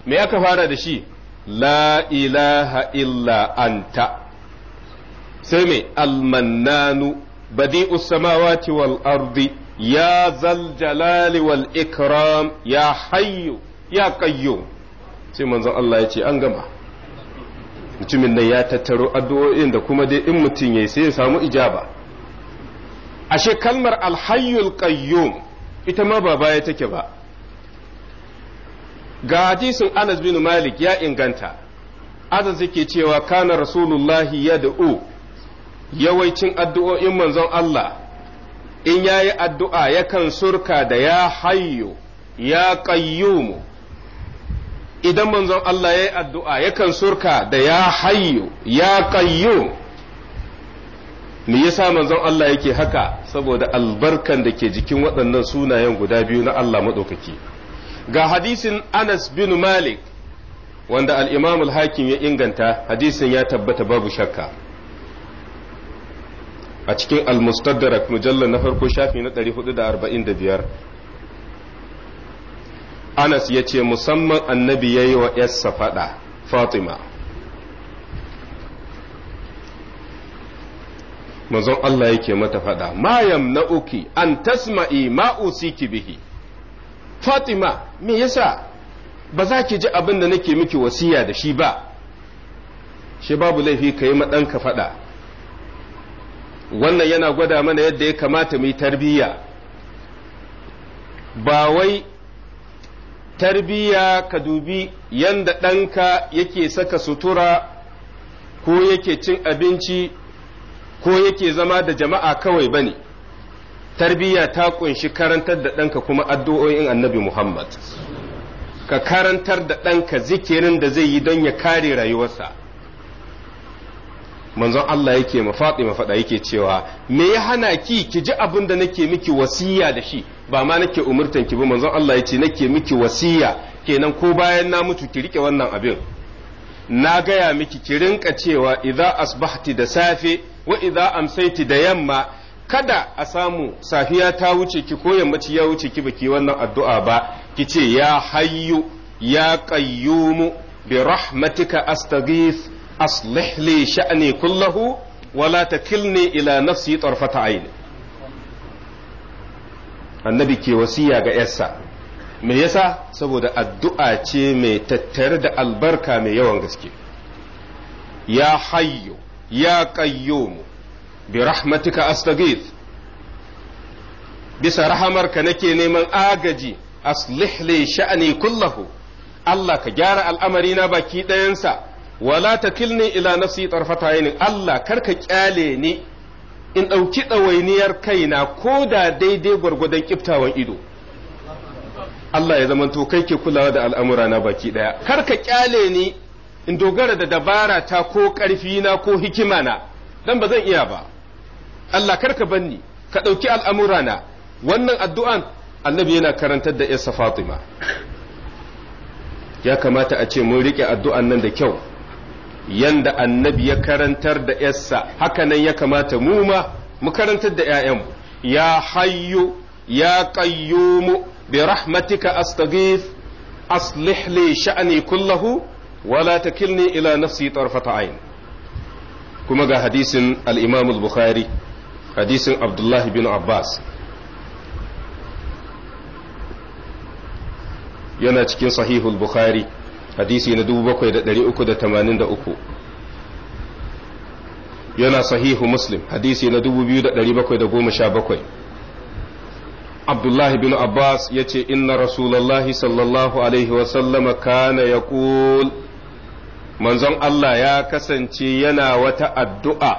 me aka fara da shi la ilaha illa anta sai me almannanu badi'us samawati wal ardi ya zal jalali wal ikram ya hayyu ya qayyum sai manzon Allah ya ce an gama mutumin nan ya tattaro addu'o'in da kuma dai in mutum yayi sai ya samu ijaba ashe kalmar alhayyul qayyum ita ma ba baya take ba ga hadisin Anas bin Malik ya inganta Anas yake cewa kana rasulullahi ya dau yawaicin addu'o'in manzon Allah in yayi addu'a yakan surka da ya hayyu ya qayyumu idan manzon Allah ya yi addu'a yakan surka da ya hayyo ya kayyo me yasa manzon Allah yake haka saboda albarkan da ke jikin waɗannan sunayen guda biyu na Allah maɗaukaki ga hadisin Anas bin Malik wanda al hakim ya inganta hadisin ya tabbata babu shakka a cikin al-Mustadrak mujallal na farko shafi na 445 anas ya ce musamman annabi ya yi wa ‘yarsa faɗa fatima mazan Allah yake mata faɗa ma uki an tasma'i ma ki bihi fatima me yasa ba za ki ji abin da nake miki wasiya da shi ba shi babu laifi ka yi maɗanka faɗa wannan yana gwada mana yadda ya kamata mu tarbiyya ba wai Tarbiya ka dubi yanda ɗanka yake saka sutura ko yake cin abinci ko yake zama da jama'a kawai ba ne tarbiyya ta ƙunshi karantar da ɗanka kuma addu'o'in annabi Muhammad ka karantar da ɗanka zikirin da zai yi don ya kare rayuwarsa manzon Allah yake ma Fatima faɗa yake cewa me ya hana ki ki ji abin da nake miki wasiya da shi ba ma nake umurtan ki ba manzon Allah yace nake miki wasiya kenan ko bayan na mutu ki rike wannan abin na gaya miki ki rinka cewa idza asbahti da safe wa idza amsayti da yamma kada a samu safiya ta wuce ki ko yammaci ya wuce ki baki wannan addu'a ba ki ce ya hayyu ya qayyumu bi rahmatika astaghith aslih li sha'ni kullahu wala takilni ila nafsi tarfata aini annabi ke wasiya ga yarsa me yasa saboda addu'a ce mai tattare da albarka mai yawan gaske ya hayyu ya qayyum bi rahmatika astaghith bisa rahamarka nake neman agaji aslih shaani kullahu Allah ka gyara al'amari na baki ɗayansa wala kilni ila nafsi tarfata aynin Allah karka kyale ni in ɗauki ɗawainiyar kaina ko da daidai gwargwadon kiftawan ido Allah ya zamanto kai ke kulawa da al'amura na baki ɗaya karka kyale ni in dogara da dabara ta ko ƙarfi na ko hikima na dan ba zan iya ba Allah karka banni ka ɗauki al'amura na wannan addu'an annabi yana karantar da Isa Fatima ya kamata a ce mun riƙe addu'an nan da kyau yanda annabi ya karantar da yarsa hakanan ya kamata mu ma mu karantar da 'ya'yanmu ya hayyu ya qayyumu bi rahmatika astaghif aslih li sha'ni kullahu wala takilni ila nafsi tarfata ayn kuma ga hadisin al-imam al-bukhari hadisin abdullahi bin abbas yana cikin sahihul bukhari hadisi na 7383 yana sahihu muslim hadisi na 2717 abdullahi bin abbas ya ce inna rasulallahi sallallahu alaihi wasallama kana ya manzon Allah ya kasance yana wata addu'a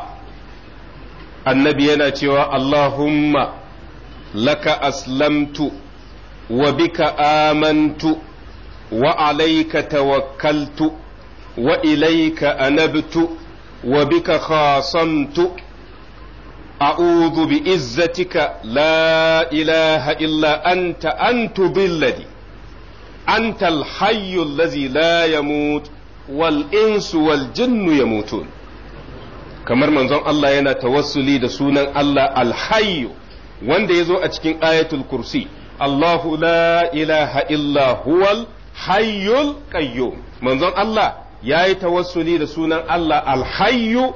annabi yana cewa Allahumma laka aslamtu wa bika amantu Wa'alaika alaika tawakkaltu wa ilaika anabtu wa bika khasamtu a'udhu bi izzatika la ilaha illa anta antu billadi anta alhayyu allazi la yamut wal insu wal jinnu yamutun kamar manzon Allah yana tawassuli da sunan Allah alhayyu wanda ya zo a cikin ayatul kursi Allahu la ilaha illa huwal hayyul qayyum manzon Allah ya yi tawassuli da sunan Allah alhayyu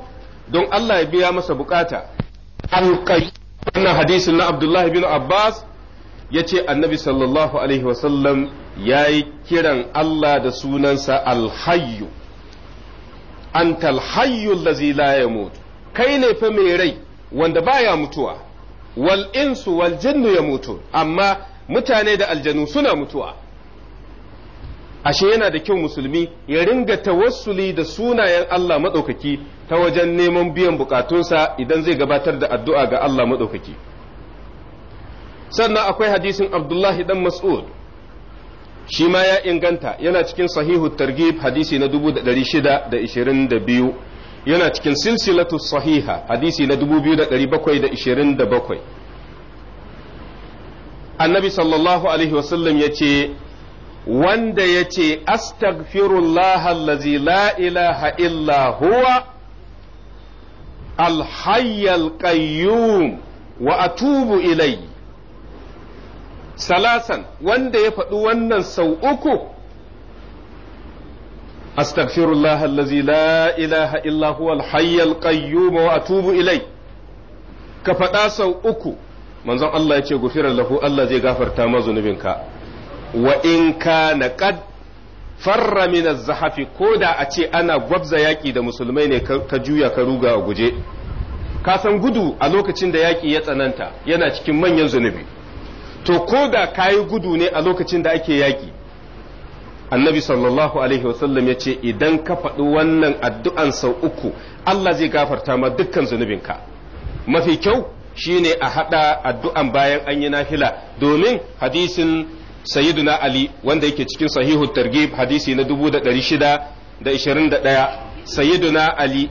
don Allah ya biya masa bukata alqayyum wannan hadisin na Abdullah bin Abbas ya ce annabi sallallahu alaihi wasallam ya yi kiran Allah da sunansa alhayyu anta alhayyu allazi la yamut kai ne fa mai rai wanda baya mutuwa wal insu wal jinnu yamutun amma mutane da aljanu suna mutuwa ashe yana da kyau musulmi ya ringa tawassuli da sunayen Allah maɗaukaki ta wajen neman biyan bukatunsa idan zai gabatar da addu'a ga Allah maɗaukaki sannan akwai hadisin Abdullahi dan Mas'ud shi ma ya inganta yana cikin sahihu targhib hadisi na 622 yana cikin silsilatu sahiha hadisi na 2727 annabi sallallahu alaihi wasallam ya ce wanda ya ce astaghfirullah allazi la ilaha illa huwa alhayyal qayyum wa atubu ilai salasan wanda ya faɗi wannan sau uku astaghfirullah allazi la ilaha illa huwa alhayyal qayyum wa atubu ilai ka faɗa sau uku manzon Allah ya ce gufira lahu Allah zai gafarta mazunubinka wa in kana qad farra min az-zahafi koda a ce ana gwabza yaki da musulmai ne ka juya ka ruga a guje ka san gudu a lokacin da yaki ya tsananta yana cikin manyan zunubi to ko koda kayi gudu ne a lokacin da ake yaki annabi sallallahu alaihi wasallam ya ce idan ka faɗi wannan addu'an sau uku Allah zai gafarta ma dukkan zunubinka mafi kyau shine a haɗa addu'an bayan an yi nafila domin hadisin sayyiduna ali wanda yake cikin sahihu targhib hadisi na 621 sayyiduna ali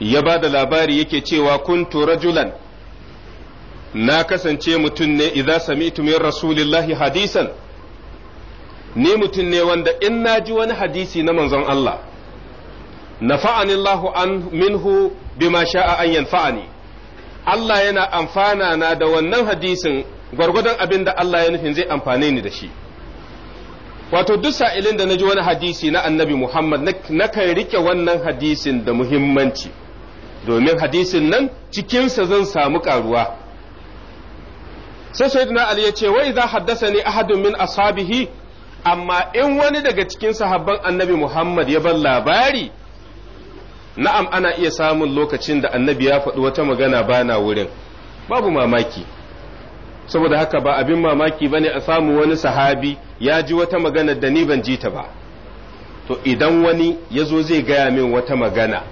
ya ba da labari yake cewa kuntu rajulan na kasance mutum ne idza sami'tu min rasulillahi hadisan ni mutum ne wanda in na ji wani hadisi na manzon Allah nafa'ani Allahu an minhu bima sha'a an yanfa'ani Allah yana amfana na da wannan hadisin gwargwadon abin da Allah ya nufin zai amfane ni da shi wato duk sa'ilin da na ji wani hadisi na annabi Muhammad na kan rike wannan hadisin da muhimmanci domin hadisin nan cikinsa zan samu karuwa sai sayyidina Ali ya ce wai za haddasa ne ahadun min ashabihi amma in wani daga cikin sahabban annabi Muhammad ya bar labari na'am ana iya samun lokacin da annabi ya faɗi wata magana bana wurin babu mamaki saboda haka ba abin mamaki ba ne a samu wani sahabi ya ji wata magana da ni ban ji ta ba to idan wani ya zo zai gaya min wata magana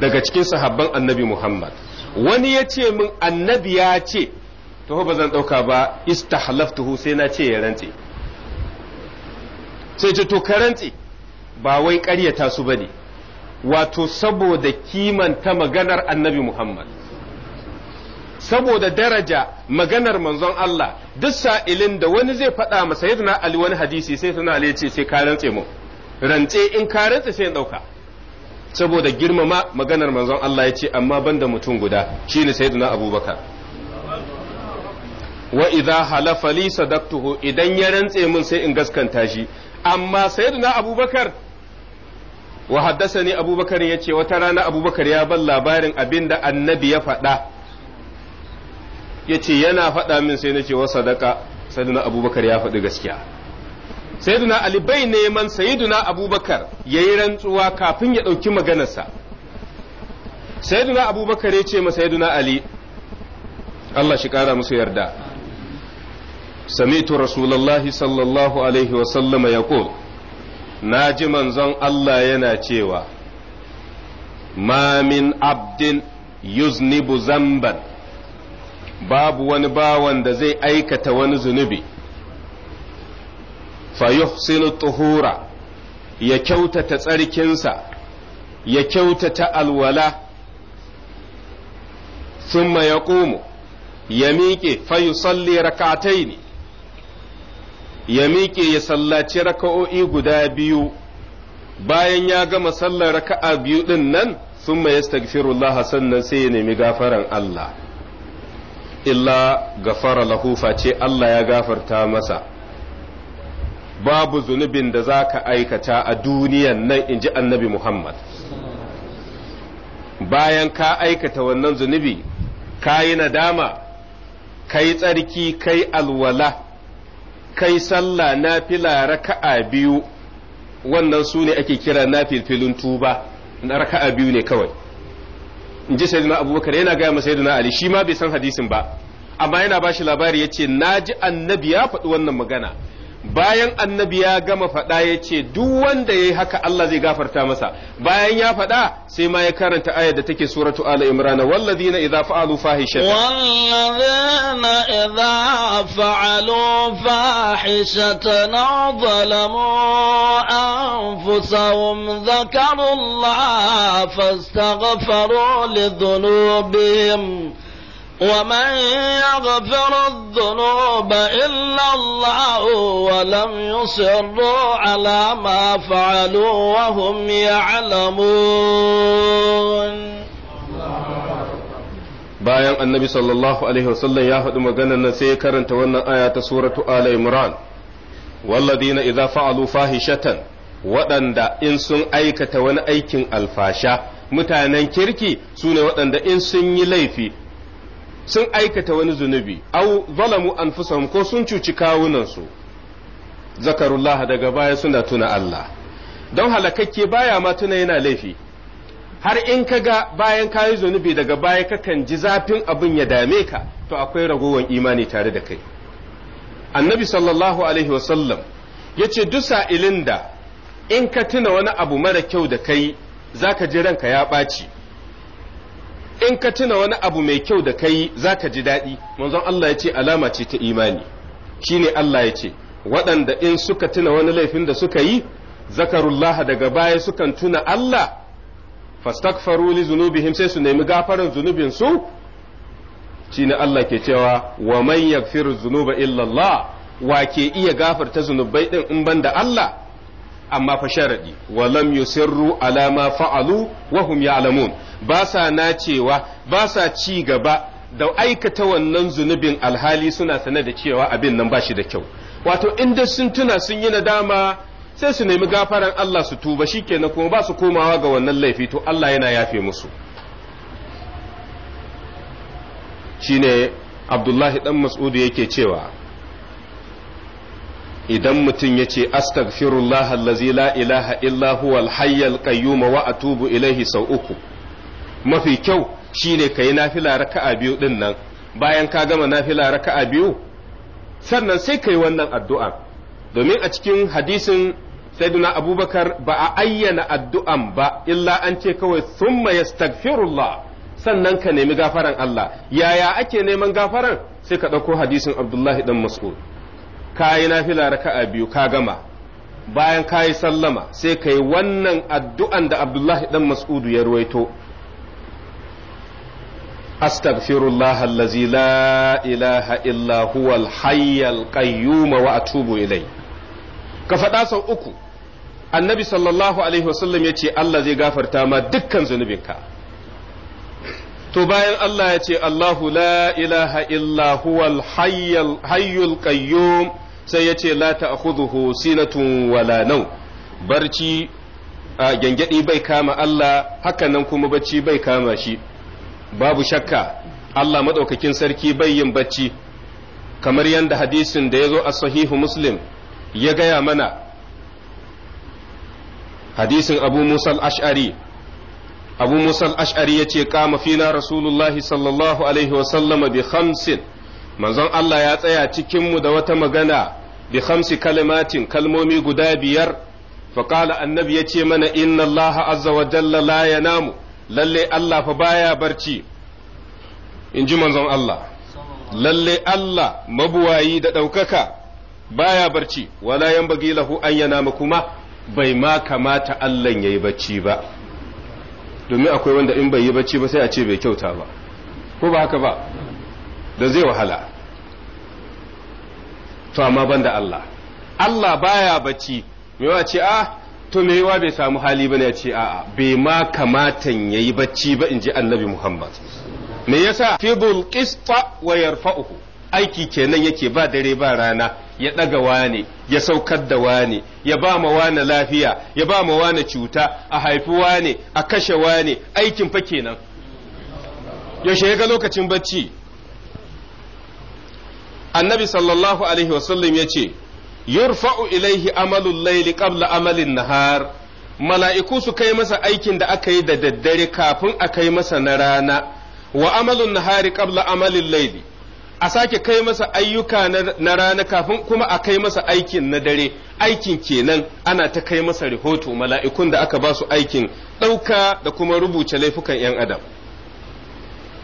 daga cikin sahabban annabi Muhammad wani ya ce min annabi ya ce to ba zan ɗauka ba istahlaftuhu sai na ce ya rantse sai ce to ka rantse ba wai ƙaryata su ne. wato saboda kimanta maganar annabi Muhammad saboda daraja maganar manzon Allah duk sa'ilin da wani zai faɗa ma sayyidina Ali wani hadisi sai suna Ali ce sai ka rantse mu rantse in ka rantse sai dauka saboda girmama maganar manzon Allah ya ce amma banda mutum guda shine sayyidina Abubakar wa idza halafa li sadaqtuhu idan ya rantse mun sai in gaskanta shi amma sayyidina Abubakar wa haddasa ne Abubakar yace wata rana Abubakar ya bar labarin abinda annabi ya faɗa ya ce yana faɗa min sai na ce wa sadaka sayyiduna abubakar ya faɗi gaskiya sayyiduna ali bai neman saiduna abubakar ya yi rantsuwa kafin ya ɗauki maganarsa sayyiduna abubakar ya ce ma sayyiduna ali Allah shi ƙara musu yarda samitu rasulallah sallallahu alaihi wa sallama ƙo na ji manzon Allah yana cewa Mamin abdin yuznibu zamban babu wani bawan da zai aikata wani zunubi yuhsinu tuhura ya kyautata tsarkinsa ya kyautata alwala thumma ya ya miƙe fayusalli yusalli ne ya miƙe ya sallaci raka'o'i guda biyu bayan ya gama sallar raka'a biyu ɗin nan thumma ya sannan sai ya nemi gafaran Allah illa gafara lahu ce Allah ya gafarta masa babu zunubin da za ka aikata a duniyan nan in ji annabi Muhammad bayan ka aikata wannan zunubi ka nadama kai tsarki kai alwala kai sallah na fila raka'a biyu wannan su ne ake kira na filfilin tuba raka'a biyu ne kawai in ji sayyidina abubakar yana gaya masa sayyidina ali shi ma bai san hadisin ba amma yana ba shi labari ya ce na ji annabi ya faɗi wannan magana bayan annabi ya gama faɗa ya ce duk wanda ya yi haka Allah zai gafarta masa bayan ya faɗa sai ma ya karanta ayar da take suratu ala imrana wallazina idza fa'alu fahishatan wallazina idza fa'alu fahishatan zalamu anfusahum dhakaru fastaghfaru lidhunubihim ومن يغفر الذنوب إلا الله ولم يصروا على ما فعلوا وهم يعلمون bayan annabi sallallahu alaihi wasallam ya faɗi maganar nan sai ya karanta wannan aya ta suratu ala imran walladina idza fa'alu fahishatan waɗanda in sun aikata wani aikin alfasha mutanen kirki su ne waɗanda in sun yi laifi sun aikata wani zunubi au zalamu anfusahum ko sun cuci kawunansu zakarullah daga baya suna tuna Allah don halakakke baya ma tuna yana laifi har in ka ga bayan yi zunubi daga baya kakan ji zafin abin ya dame ka to akwai ragowar imani tare da kai annabi sallallahu alaihi wasallam ya ce duk sa'ilin in ka tuna wani abu mara kyau da kai za ka ji ranka ya ɓaci in ka tuna wani abu mai kyau da kai za ka ji daɗi manzon Allah ya ce alama ce ta imani shi ne Allah ya ce waɗanda in suka tuna wani laifin da suka yi zakarullah daga baya sukan tuna Allah fastakfaru li zunubihim sai su nemi gafarar zunubinsu? su ne Allah ke cewa wa man yaghfiru zunuba illa wa ke iya gafarta zunubai din in banda Allah amma fa sharadi wa lam yusirru ala ma fa'alu wa hum ya'lamun ba sa na cewa ba sa ci gaba da aikata wannan zunubin alhali suna sane da cewa abin nan bashi da kyau wato inda sun tuna sun yi nadama sai su nemi gafaran Allah su tuba shikenan kuma ba su komawa ga wannan laifi to Allah yana yafe musu shine Abdullahi dan Mas'ud yake cewa idan mutum ya ce astaghfirullah allazi la ilaha illa huwal hayyal qayyum wa atubu ilaihi sau uku mafi kyau shine kai nafila raka'a biyu din nan bayan ka gama nafila raka'a biyu sannan sai ka yi wannan addu'a domin a cikin hadisin sayyidina abubakar ba a ayyana addu'an ba illa an ce kawai summa yastaghfirullah sannan ka nemi gafaran Allah yaya ake neman gafaran sai ka ɗauko hadisin Abdullahi dan Mas'ud ka yi nafila a biyu ka gama bayan ka yi sallama sai ka yi wannan addu'an da abdullahi dan mas'udu ya ruwaito astaghfirullah allazi la ilaha illa huwal hayyal qayyum wa atubu ilai ka faɗa sau uku annabi sallallahu alaihi wasallam ya ce Allah zai gafarta ma dukkan zunubinka to bayan Allah ya ce Allahu la ilaha illa huwal hayyul qayyum sai ya ce la ta'khudhuhu sinatun wala nau barci a gyangyaɗi bai kama Allah hakanan kuma bacci bai kama shi babu shakka Allah madaukakin sarki bai yin bacci kamar yadda hadisin da ya zo a sahihu muslim ya gaya mana hadisin abu musal ash'ari abu musal ash'ari ya ce kama fina rasulullahi sallallahu alaihi wasallama bi khamsin manzon Allah ya tsaya cikinmu da wata magana bi khamsi kalimatin kalmomi guda biyar faƙala annabi ya ce mana inna Allah azza wa jalla la yanamu Allah fa baya barci in manzon Allah Lallai Allah mabuwayi da ɗaukaka baya barci wala yan bagi lahu an yanama kuma bai ma kamata Allah yayi bacci ba domin akwai wanda in bai yi bacci ba sai a ce bai kyauta ba ko ba haka ba da zai wahala to amma ban da Allah Allah baya bacci Me wa ce a ah, to me yawa bai samu hali bane ya ce a'a bai ma kamatan yayi bacci ba in ji annabi Muhammad me yasa fibul qista wa yarfa'uhu aiki kenan yake ba dare ba rana ya daga wane ya saukar da wane ya ba ma wane lafiya ya ba ma wane cuta a haifi wane a kashe wane aikin fa kenan yaushe ya ga lokacin bacci annabi sallallahu alaihi wasallam ya ce yurfa'u ilaihi amalul laili qabla amalin nahar mala'iku su kai masa aikin da aka yi da daddare kafin a kai masa na rana wa amalun nahari qabla amalin laili a sake kai masa ayyuka na rana kafin kuma a kai masa aikin na dare aikin kenan ana ta kai masa rahoto mala'ikun da aka ba su aikin ɗauka da kuma rubuce laifukan 'yan adam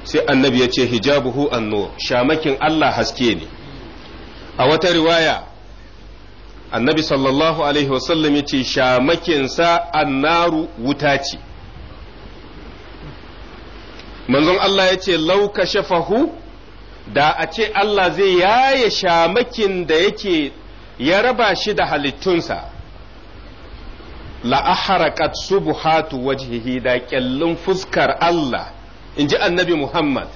sai annabi ya ce hijabuhu annur shamakin Allah haske ne a wata riwaya annabi sallallahu alaihi wasallam ya ce shamakinsa annaru wuta ce manzon Allah ya ce lauka shafahu da a ce Allah zai yaye shamakin da yake ya raba shi da halittunsa la'aharakat subuhatu wajhihi da kyallin fuskar Allah in ji annabi Muhammad,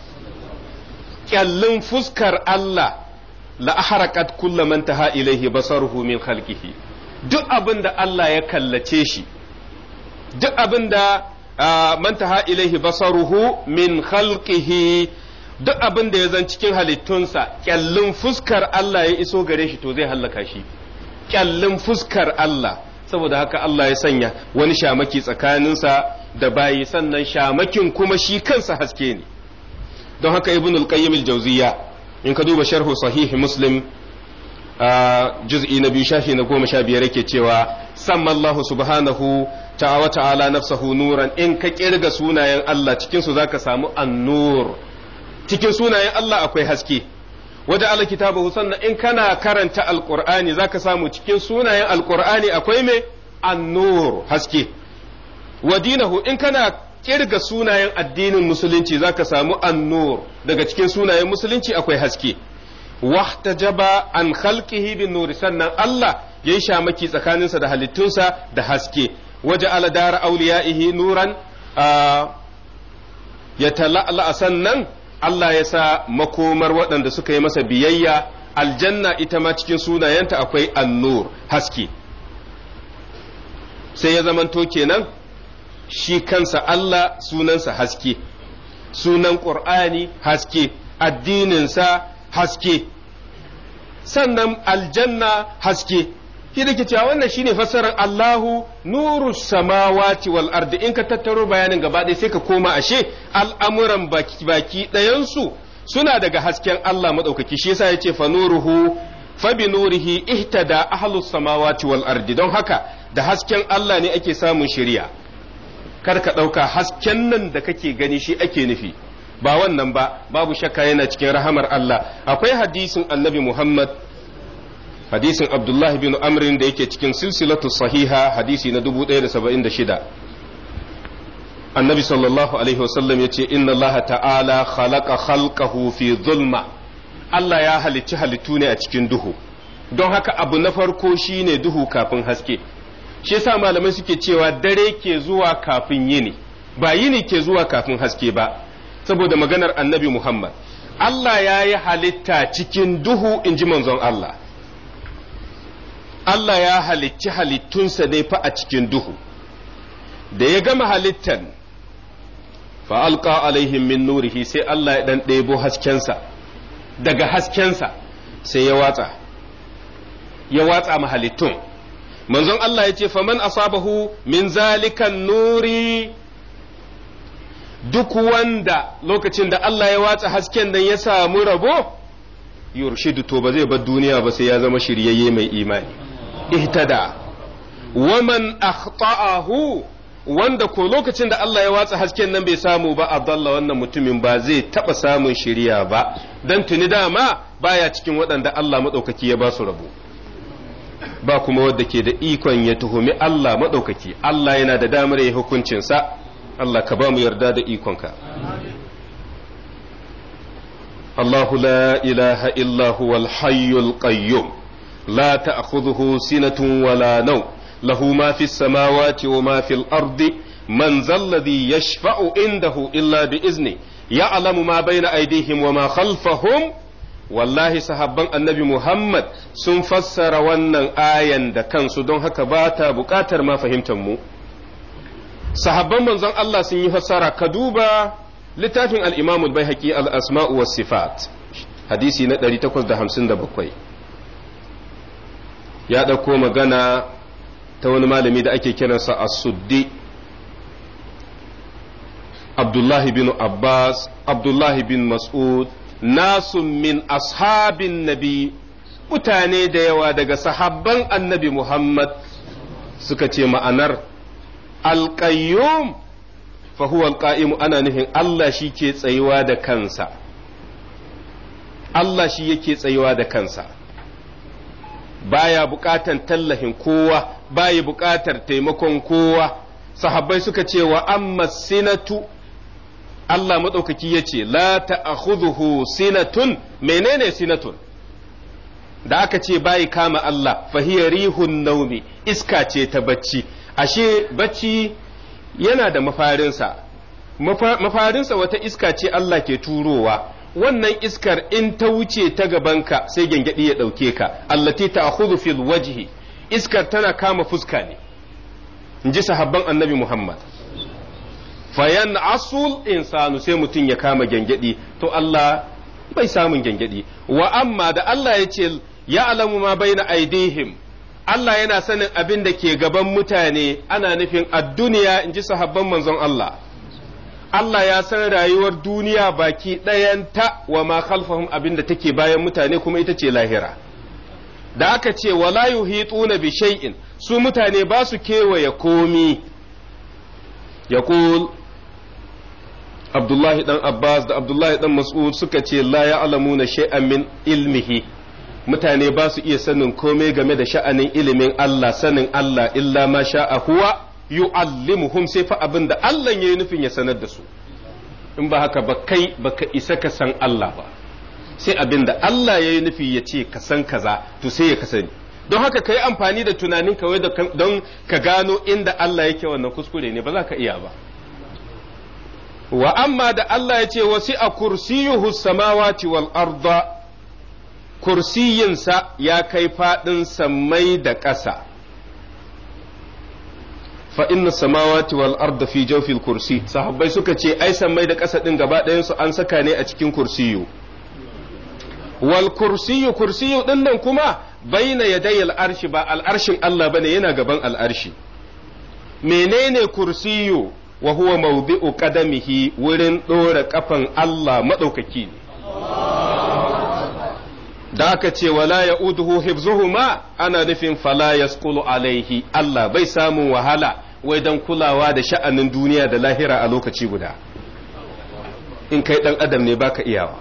ƙyallin fuskar Allah la'aharakat kulla man taha ilaihi basaruhu min khalqihi duk abin da Allah ya kallace shi, duk abin da ah, man taha ilaihi basaruhu min khalqihi duk abin da ya zan cikin halittunsa, ƙyallin fuskar Allah ya iso gare shi to zai hallaka shi, ƙyallin fuskar Allah. saboda haka Allah ya sanya wani shamaki tsakaninsa da bayi sannan shamakin kuma shi kansa haske ne don haka ibn al-qayyim al in ka duba sharhu sahih muslim juz'i na biyu shafi na goma sha biyar yake cewa samma Allah subhanahu ta'ala ta'ala nafsahu nuran in ka kirga sunayen Allah cikin su zaka samu an-nur cikin sunayen Allah akwai haske wajen ala kitabahu sannan in kana karanta alqur'ani zaka samu cikin sunayen Al-Qur'ani akwai me an-nur haske wa dinahu in kana kirga sunayen addinin musulunci zaka samu annur daga cikin sunayen musulunci akwai haske wahtajaba an khalqihi bin nuri sannan Allah ya yi shamaki tsakaninsa da halittunsa da haske waje ala dara auliya'ihi nuran ya tala'ala sannan Allah ya sa makomar waɗanda suka yi masa biyayya aljanna ita ma cikin sunayenta akwai annur haske sai ya zamanto kenan shi kansa Allah sunansa haske sunan ƙur'ani haske addininsa haske sannan aljanna haske shi da cewa wannan shine fassarar Allahu nuru samawati wal ardi in ka tattaro bayanin gaba ɗaya sai ka koma ashe al'amuran baki ɗayansu suna daga hasken Allah maɗaukaki shi yasa yace fa nuruhu fa bi nurihi ihtada ahlus samawati wal ardi don haka da hasken Allah ne ake samun shari'a kar ka ɗauka hasken nan da kake gani shi ake nufi ba wannan ba babu shakka yana cikin rahamar Allah akwai hadisin annabi Muhammad hadisin Abdullahi bin Amrin da yake cikin silsilatu sahiha hadisi na 1076 annabi sallallahu alaihi wasallam ya ce inna Allah ta'ala khalaqa khalqahu fi zulma Allah ya halicci halittu ne a cikin duhu don haka abu na farko shine duhu kafin haske shi yasa malamai suke cewa dare ke zuwa kafin yini ba yini ke zuwa kafin haske ba saboda maganar annabi Muhammad Allah ya yi halitta cikin duhu in ji manzon Allah Allah ya halicci halittunsa ne fa a cikin duhu da ya gama halittan fa alqa alaihim min nurihi sai Allah ya dan ɗebo haskensa daga haskensa sai ya watsa ya watsa mahalittun manzon Allah ya ce faman asabahu min zalikan nuri duk wanda lokacin da Allah ya watsa hasken nan ya samu rabo yurshidu to ba zai bar duniya ba sai ya zama shiryayye mai imani ihtada waman akhta'ahu wanda ko lokacin da Allah ya watsa hasken nan bai samu ba Abdullah wannan mutumin ba zai taba samun shiriya ba dan tuni dama baya cikin waɗanda Allah madaukaki ya ba su rabo ba kuma wadda ke da ikon ya tuhumi Allah maɗaukaki Allah yana da damar ya hukuncinsa Allah ka ba mu yarda da ikonka Allahu la ilaha illahu wal hayyul qayyum la ta'khudhuhu sinatun wala naw lahu ma fis samawati wa ma fil ardi man zal ladhi yashfa'u indahu illa bi izni ya'lamu ma bayna aydihim wa ma khalfahum wallahi sahabban annabi Muhammad sun fassara wannan ayan da kansu don haka ba ta buƙatar ma fahimtar mu sahabban manzon Allah sun yi fassara ka duba littafin al'imamul bai al-Baihaqi al-Asma'u Sifat hadisi na 857 ya ɗauko magana ta wani malami da ake kiransa a suddi Abdullahi bin Abbas Abdullahi bin Mas'ud nasun min ashabin nabi mutane da yawa daga sahabban annabi Muhammad suka ce ma'anar alƙayyum huwa ka'imu ana nufin Allah shi ke tsayuwa da kansa Allah shi yake tsayuwa da kansa baya buƙatar tallahin kowa baya buƙatar taimakon kowa sahabbai suka ce wa amma sinatu Allah maɗaukaki ya ce la ta'khudhuhu sinatun menene sinatun da aka ce bayi kama Allah fahiyar rihun naumi iska ce ta bacci ashe bacci yana da mafarinsa mafarinsa wata iska ce Allah ke turowa wannan iskar in ta wuce ta gabanka sai gyangyaɗi ya ɗauke ka Allah allati ta'khudhu fil wajhi iskar tana kama fuska ne in ji sahabban annabi Muhammad fayan asul insanu sai mutum ya kama gyangyaɗi to Allah bai samun gyangyaɗi wa amma da Allah ya ce ya alamu ma baina aidihim Allah yana sanin abin da ke gaban mutane ana nufin adduniya in ji sahabban manzon Allah Allah ya san rayuwar duniya baki ɗayanta wa ma khalfahum abin da take bayan mutane kuma ita ce lahira da aka ce wala yuhituna bi shay'in su mutane ba su kewaye komi yaqul abdullahi dan abbas da abdullahi dan mas'ud suka ce la ya ya'lamuna shay'an min ilmihi mutane ba su iya sanin komai game da sha'anin ilimin Allah sanin Allah illa ma sha'a huwa yu'allimuhum sai fa abinda da Allah yayi nufin ya sanar da su in ba haka ba kai baka isa ka san Allah ba sai abin da Allah yayi nufi ya ce ka san kaza to sai ya kasani don haka ka yi amfani da tunanin kawai don ka gano inda Allah yake wannan kuskure ne ba za ka iya ba wa amma da Allah ya ce wasu a kursiyuhu samawati wal arda kursiyinsa ya kai faɗin sammai da ƙasa fa inna samawati wal arda fi jawfil kursi sahabbai suka ce ai sammai da ƙasa din gaba ɗayan su an saka ne a cikin kursiyu wal kursiyu kursiyu din nan kuma baina al arshi ba al'arshin Allah bane yana gaban al'arshi menene kursiyu wa huwa mawdi'u qadamihi wurin ɗora kafan Allah maɗaukaki da aka ce wala ya'uduhu hifzuhuma ana nufin fala yasqulu alaihi Allah bai samu wahala wai dan kulawa da sha'anin duniya da lahira a lokaci guda in kai dan adam ne baka iyawa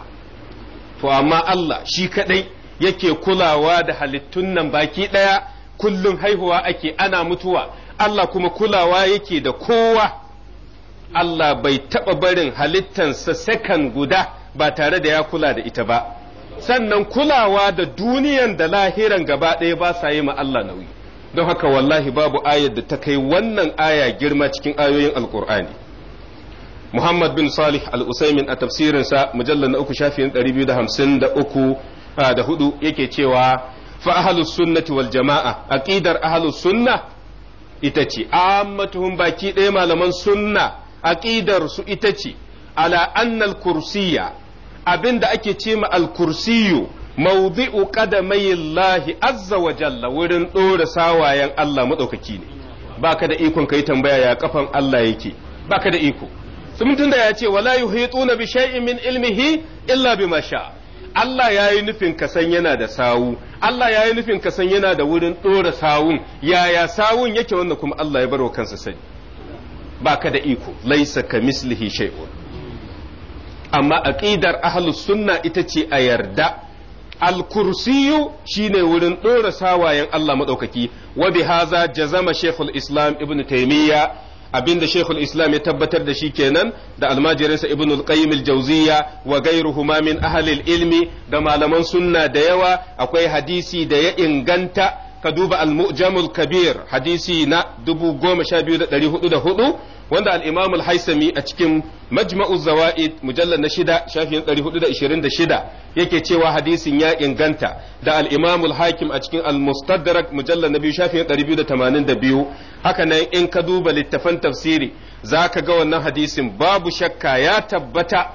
to amma Allah shi kadai yake kulawa da halittun nan baki daya kullum haihuwa ake ana mutuwa Allah kuma kulawa yake da kowa Allah bai taɓa barin halittansa sakan guda ba tare da ya kula da ita ba, sannan kulawa da duniyan da lahiran gaba ɗaya ba sa yi ma Allah nauyi. Don haka wallahi babu ayar da ta kai wannan aya girma cikin ayoyin Alƙur'ani. Muhammad bin Salih al-Usaimin a tafsirinsa mujallar na uku na ɗari biyu da hamsin da uku da hudu yake cewa fa ahalus sunnati wal jama'a aqidar ahalus sunna ita ce ammatuhum baki ɗaya malaman sunna aqidar su ita ce ala annal kursiya abinda ake ce ma al kursiyu mawdi'u qadamayillahi azza wa jalla wurin ɗora sawayen Allah madaukaki ne baka da ikon kai tambaya ya kafan Allah yake baka da iko sun tunda ya ce wala yuhituna bi shay'in min ilmihi illa bima sha Allah ya yi nufin ka san yana da sawu Allah ya yi nufin ka san yana da wurin ɗora sawun yaya sawun yake wannan kuma Allah ya baro kansa sani baka da iko laisa ka mislihi shay'un amma aqidar ahlus sunna ita ce a yarda al-kursiyu shine wurin dora sawayen Allah madaukaki wa bi haza jazama shaykhul islam ibnu taymiya abinda shaykhul islam ya tabbatar da shi kenan da almajirinsa ibnu al-qayyim al-jawziya wa ghayruhuma min ahli ilmi da malaman sunna da yawa akwai hadisi da ya inganta ka duba al-mu'jamul kabir hadisi na 12404 wanda al-imam al-haisami a cikin majma'u zawaid mujallar na shida shafin 426 yake cewa hadisin ya inganta da al-imam al-hakim a cikin al-mustadrak mujallal na biyu shafin 282 haka nan in ka duba littafan tafsiri ka ga wannan hadisin babu shakka ya tabbata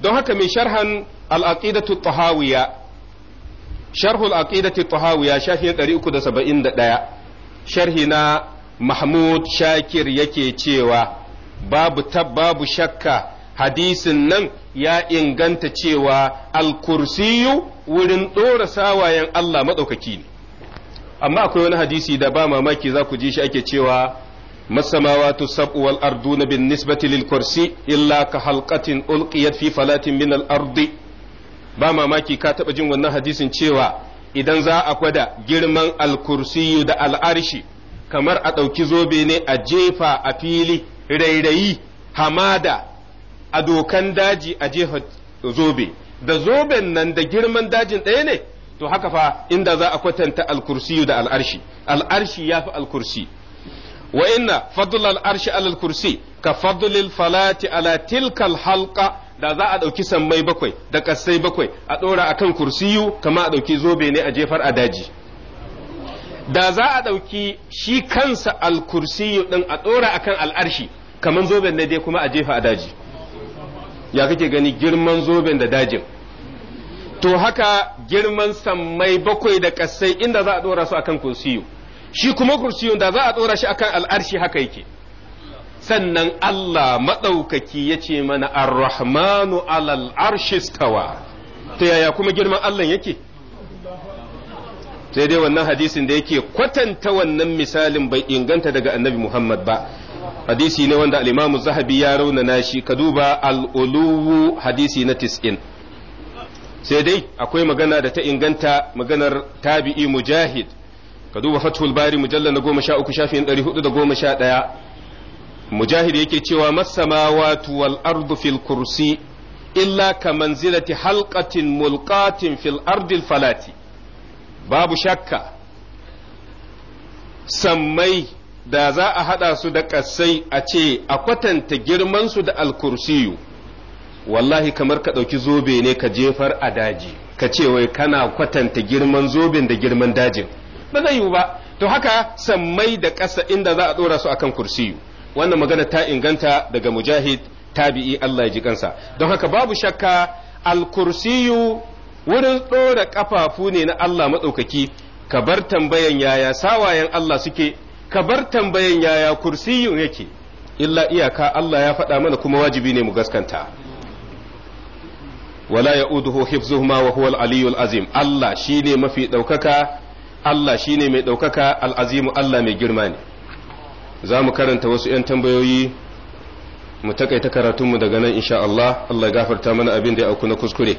don haka mai sharhan al-aqidatu tahawiyya sharhul aqidati ya shafi 371 sharhi na mahmud shakir yake cewa babu babu shakka hadisin nan ya inganta cewa alkursiyu wurin ɗora sawayen Allah maɗaukaki ne amma akwai wani hadisi da ba mamaki za ku ji shi ake cewa masamawatu sab'u wal arduna bin nisbati lil kursi illa ka halkatin ulqiyat fi falatin min al ba mamaki ka taɓa jin wannan hadisin cewa idan za a gwada girman alkursiyu da al'arshi kamar a ɗauki zobe ne a jefa a fili rairayi hamada a dokan daji a jefa zobe da zoben nan da girman dajin ɗaya ne to haka fa inda za a kwatanta alkursiyu da al'arshi al'arshi ya fi alkursi wa inna fadl al arshi al kursi ka fadl al falati ala tilka al da za a ɗauki sammai bakwai da kassai bakwai a dora akan kursiyu kama a dauki zobe ne a jefar a daji da za a ɗauki shi kansa al kursiyu din a dora akan al arshi kaman zoben ne dai kuma a jefa a daji ya kake gani girman zoben da dajin to haka girman sammai bakwai da kassai inda za a dora su akan kursiyu shi kuma kursi da za a tsora shi akan al'arshi haka yake sannan Allah maɗaukaki ya ce mana ar-rahmanu alal arshi stawa ta yaya kuma girman Allah yake sai dai wannan hadisin da yake kwatanta wannan misalin bai inganta daga annabi Muhammad ba hadisi ne wanda al-Imam Zahabi ya raunana shi ka duba al-uluwu hadisi na 90 sai dai akwai magana da ta inganta maganar tabi'i mujahid ka duba fathul bari mujalla na goma sha uku shafin ɗari hudu da goma sha ɗaya mujahid yake cewa masamawatu wal ardu fil kursi illa ka manzilati halqatin mulqatin fil ardil falati babu shakka sammai da za a haɗa su da kassai a ce a kwatanta girmansu da alkursiyu wallahi kamar ka ɗauki zobe ne ka jefar a daji ka ce wai kana kwatanta girman zobin da girman dajin ba zai yiwu ba to haka sammai da ƙasa inda za a ɗora su akan kursiyu wannan magana ta inganta daga mujahid tabi'i Allah ya ji kansa don haka babu shakka al-kursiyu wurin ɗora kafafu ne na Allah maɗaukaki ka bar tambayan yaya sawayen Allah suke ka bar tambayan yaya kursiyu yake illa iyaka Allah ya faɗa mana kuma wajibi ne mu gaskanta wala ya'uduhu hifzuhuma wa huwal al azim Allah shine mafi ɗaukaka Allah shi ne mai ɗaukaka al'azimu Allah mai girma ne za mu karanta wasu ‘yan tambayoyi mu takaita karatunmu daga nan insha Allah Allah ya gafarta mana abin da ya auku na kuskure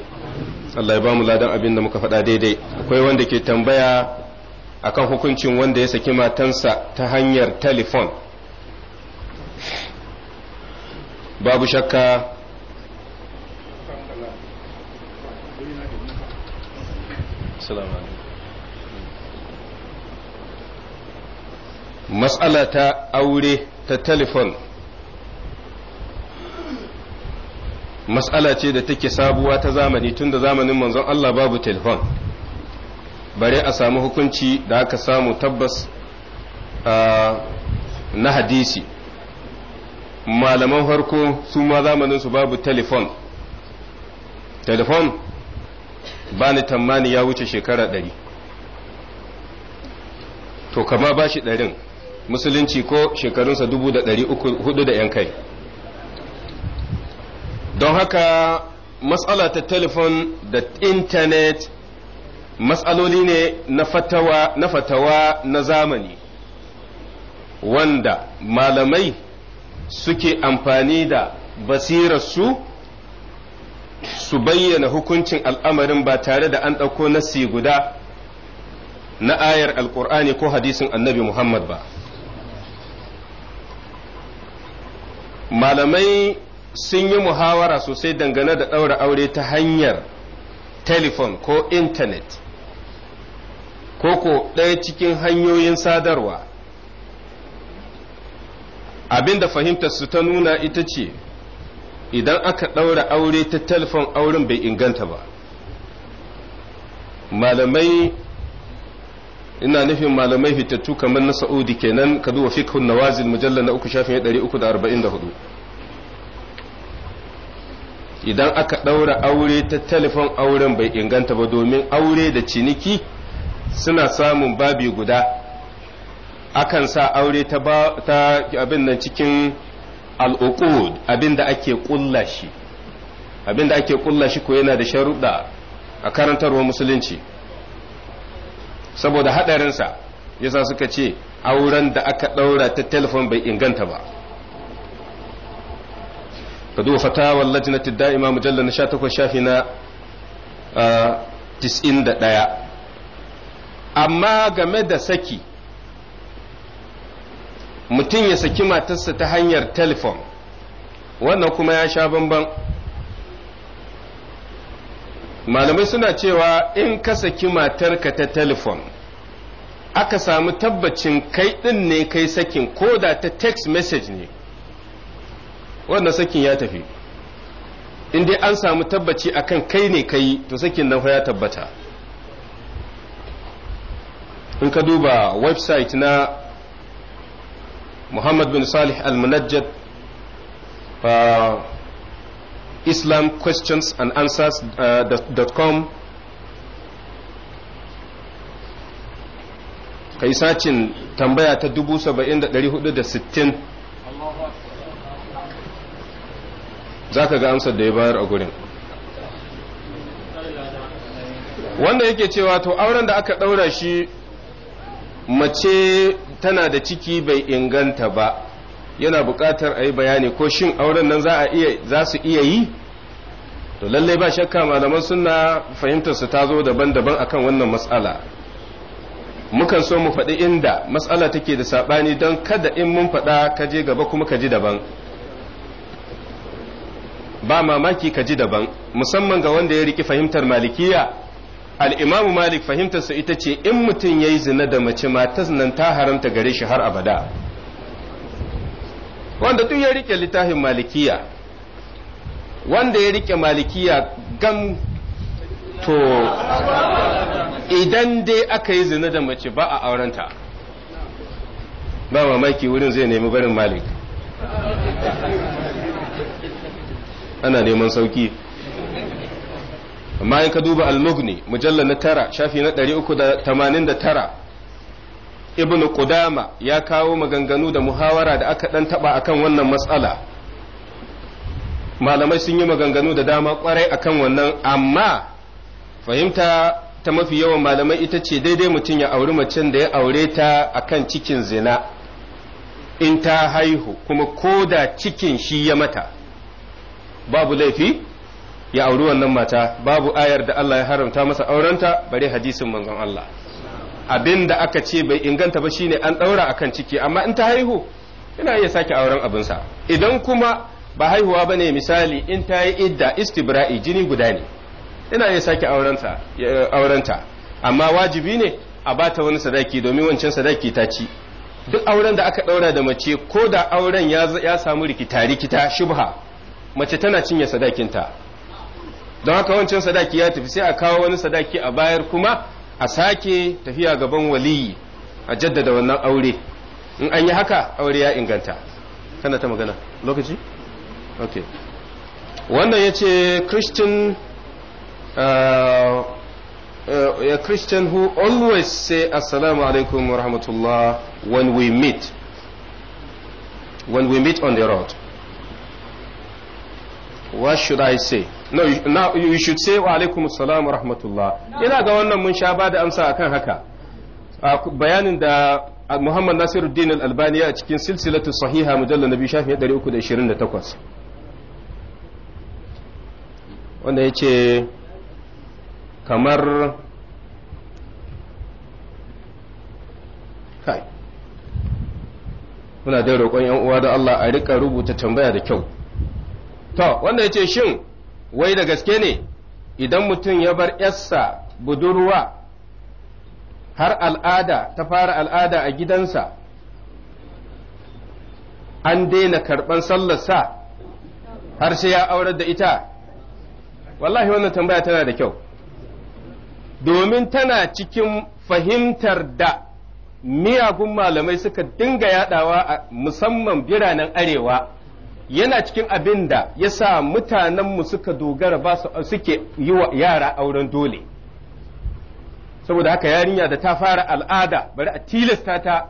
Allah ya ba mu ladan abin da muka faɗa daidai akwai wanda ke tambaya a kan hukuncin wanda ya saki matansa ta hanyar telefon babu shakka Salama. matsala ta aure ta telefon matsala ce da take sabuwa ta zamani tun da zamanin manzon Allah babu telefon bare a samu hukunci da aka samu tabbas na hadisi malaman farko su ma zamanin su babu telefon telefon ba ni tammani ya wuce shekara ɗari to kama ba shi ɗarin musulunci ko shekarunsa dubu da ɗari hudu da ‘yan kai don haka matsala ta telefon da intanet matsaloli ne na fatawa na fatawa na zamani wanda malamai suke amfani da basirarsu su bayyana hukuncin al'amarin ba tare da an ɗauko nasi guda na ayar alƙur'ani ko hadisin annabi Muhammad ba malamai sun yi muhawara sosai dangane da ɗaura aure ta hanyar telefon ko intanet ko ko ɗaya cikin hanyoyin sadarwa abinda fahimtar su ta nuna ita ce idan aka ɗaura aure ta telefon auren bai inganta ba malamai ina nufin malamai fitattu kamar na sa'udi kenan ka duba fikhun nawazil mujalla na uku shafin 344 idan aka ɗaura aure ta telefon auren bai inganta ba domin aure da ciniki suna samun babi guda akan sa aure ta abin nan cikin al'uqud abin da ake kulla shi abin da ake kulla shi ko yana da sharuɗa a karantarwar musulunci saboda hadarinsa yasa suka ce auren da aka ɗaura ta telefon bai inganta ba ka duba fatawar lajinati da'ima mujallar na 18 shafi na 91 ah, amma game da saki mutum ya saki matarsa ta hanyar telefon wannan kuma ya sha bamban malamai suna cewa in ka saki matarka ta telefon aka samu tabbacin kai ɗin ne kai sakin ko da ta text message ne wannan sakin ya tafi in dai an samu tabbaci akan kai ne kai to sakin nan fa ya tabbata in ka duba website na muhammad bin salih al-munajjad ah, Islam questions and answers uh, dot, com ka yi sacin tambaya ta sittin za ka ga amsar da ya bayar a gurin wanda yake cewa to auren da aka ɗaura shi mace tana da ciki bai inganta ba yana buƙatar a yi bayani ko shin auren nan za su iya yi to lallai ba shakka malaman suna fahimtarsu ta zo daban-daban akan wannan matsala mukan so mu faɗi inda matsala take da saɓani don kada in mun faɗa ka je gaba kuma ka ji daban ba mamaki ka ji daban musamman ga wanda ya riki fahimtar malikiya al'imamu malik fahimtarsa ita ce in mutum ya yi zina da mace matas nan ta haramta gare shi har abada wanda duk ya rike littafin malikiya wanda ya rike malikiya gam to idan dai aka yi zina da mace ba a aurenta ba mamaki wurin zai nemi barin malik ana neman sauki amma in ka duba al-mughni mujalla na tara shafi na 389 ibn Qudama ya kawo maganganu da muhawara da aka ɗan taɓa akan wannan matsala malamai sun yi maganganu da dama kwarai akan wannan amma fahimta ta mafi yawan malamai ita ce daidai mutum ya auri macen da ya aure ta akan cikin zina in ta haihu kuma ko da cikin shi ya mata babu laifi ya auri wannan mata babu ayar da Allah ya haramta masa aurenta bare hadisin manzon Allah abin da aka ce bai inganta ba shine an ɗaura akan ciki amma in ta haihu yana iya sake auren abinsa idan kuma ba haihuwa ba ne misali in ta yi idda istibra'i jini guda ne yana iya sake aurenta amma wajibi ne a bata wani sadaki domin wancan sadaki ta ci duk auren da aka ɗaura da mace ko da auren ya samu rikita rikita shubha mace tana cinye sadakinta don haka wancan sadaki ya tafi sai a kawo wani sadaki a bayar kuma a sake tafiya gaban waliyi a jaddada wannan aure in an yi haka aure ya inganta kana ta magana lokaci? ok wannan ya ce christian uh, uh a christian who always say assalamu alaikum wa rahmatullah when we meet when we meet on the road what should I say? No, you, now you should say wa alaikum salam wa rahmatullah. Ina ga wannan mun sha ba da amsa akan haka. Bayanin da Muhammad Nasiruddin Al-Albani a cikin silsilatu sahiha mujallal Nabi shafi 328. Wanda ya ce kamar kai muna da roƙon 'yan uwa da Allah a rika rubuta tambaya da kyau to wanda ya ce shin wai da gaske ne idan mutum ya bar ‘yarsa budurwa har al'ada ta fara al'ada a gidansa an daina karɓan sallarsa har sai ya aurar da ita wallahi wannan tambaya tana da kyau domin tana cikin fahimtar da miyagun malamai suka dinga yadawa a musamman biranen arewa yana cikin abin da ya sa mutanenmu suka dogara ba suke yi wa yara auren dole saboda haka yarinya da ta fara al'ada bari a tilasta ta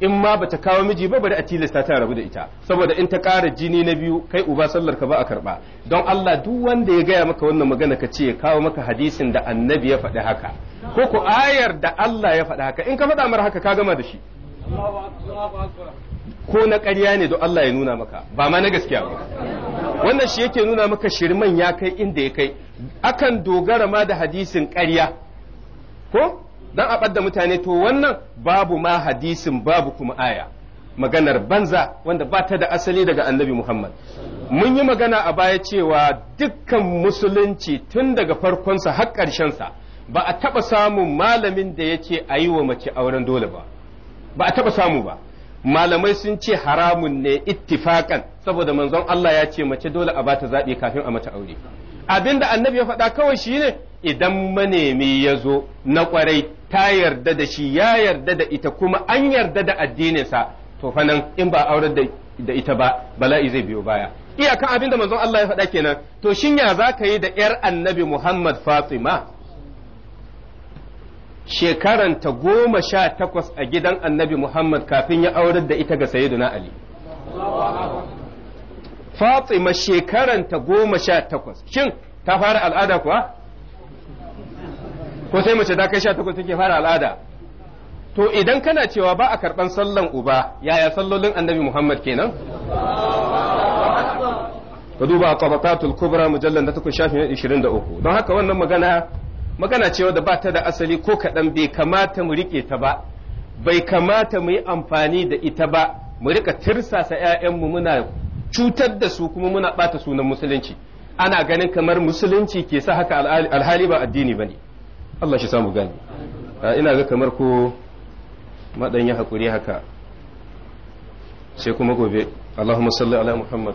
in ma bata kawo miji ba bari a tilasta ta rabu da ita saboda in ta ƙara jini na biyu kai uba sallar ka ba a karɓa don Allah duk wanda ya gaya maka wannan magana ka ce kawo maka hadisin da annabi ya faɗi haka ko ku ayar da Allah ya faɗi haka in ka faɗa mar haka ka gama da shi ko na ƙarya ne don Allah ya nuna maka ba ma na gaskiya ba wannan shi yake nuna maka shirman ya kai inda ya kai akan dogara ma da hadisin ƙarya ko dan a ɓadda mutane to wannan babu ma hadisin babu kuma aya maganar banza wanda ba ta da asali daga annabi Muhammad mun yi magana a baya cewa dukkan musulunci tun daga farkonsa har ƙarshensa ba a taɓa samun malamin da ya ce a yi wa mace auren dole ba ba a taɓa samu ba malamai sun ce haramun ne ittifakan saboda manzon Allah ya ce mace dole a bata zaɓi kafin a mata aure abinda annabi ya faɗa kawai shi ne. idan manemi ya zo na kwarai ta yarda da shi ya yarda da ita kuma an yarda da addininsa to fa nan in ba aurar da ita ba bala'i zai biyo baya iyakan abinda manzon Allah ya faɗa kenan to shin ya za ka yi da 'yar annabi Muhammad Fatima shekaranta goma sha takwas a gidan annabi Muhammad kafin ya aurar da ita ga Sayyiduna Ali. Fatima shekaranta goma sha takwas, shin ta fara al'ada kuwa? Ko sai mace ta kai sha takwas take fara al'ada? To idan kana cewa ba a karɓan sallan uba, yaya sallolin annabi Muhammad kenan? Ka duba a kubra mujallar na takwas shafi 23, don haka wannan magana magana ce wadda ba ta da asali ko kaɗan bai kamata mu riƙe ta ba bai kamata mu yi amfani da ita ba mu rika tirsasa 'ya'yanmu muna cutar da su kuma muna ɓata sunan musulunci ana ganin kamar musulunci ke sa haka alhali ba addini ba ne Allah shi samu gani ina ga kamar ko maɗanyi haƙuri haka sai kuma gobe Allahumma salli ala Muhammad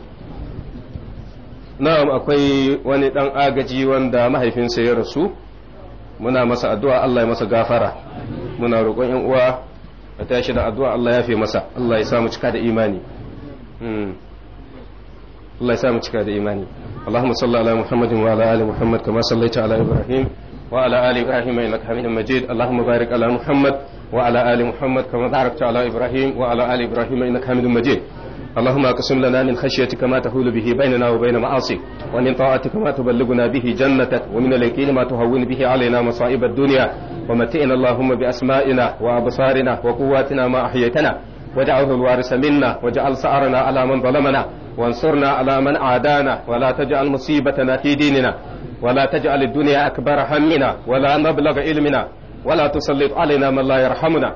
na'am akwai wani ɗan agaji wanda mahaifinsa ya rasu muna masa addu’a Allah ya masa gafara muna roƙon ‘yan uwa a tashi da Allah ya masa Allah ya samu cika da imani hmm. Allah ya samu cika da imani اللهم اقسم لنا من خشيتك ما تحول به بيننا وبين معاصيك ومن طاعتك ما تبلغنا به جنتك ومن اليقين ما تهون به علينا مصائب الدنيا ومتئنا اللهم بأسمائنا وأبصارنا وقواتنا ما أحييتنا واجعله الوارث منا واجعل سعرنا على من ظلمنا وانصرنا على من عادانا ولا تجعل مصيبتنا في ديننا ولا تجعل الدنيا أكبر همنا ولا مبلغ علمنا ولا تسلط علينا من لا يرحمنا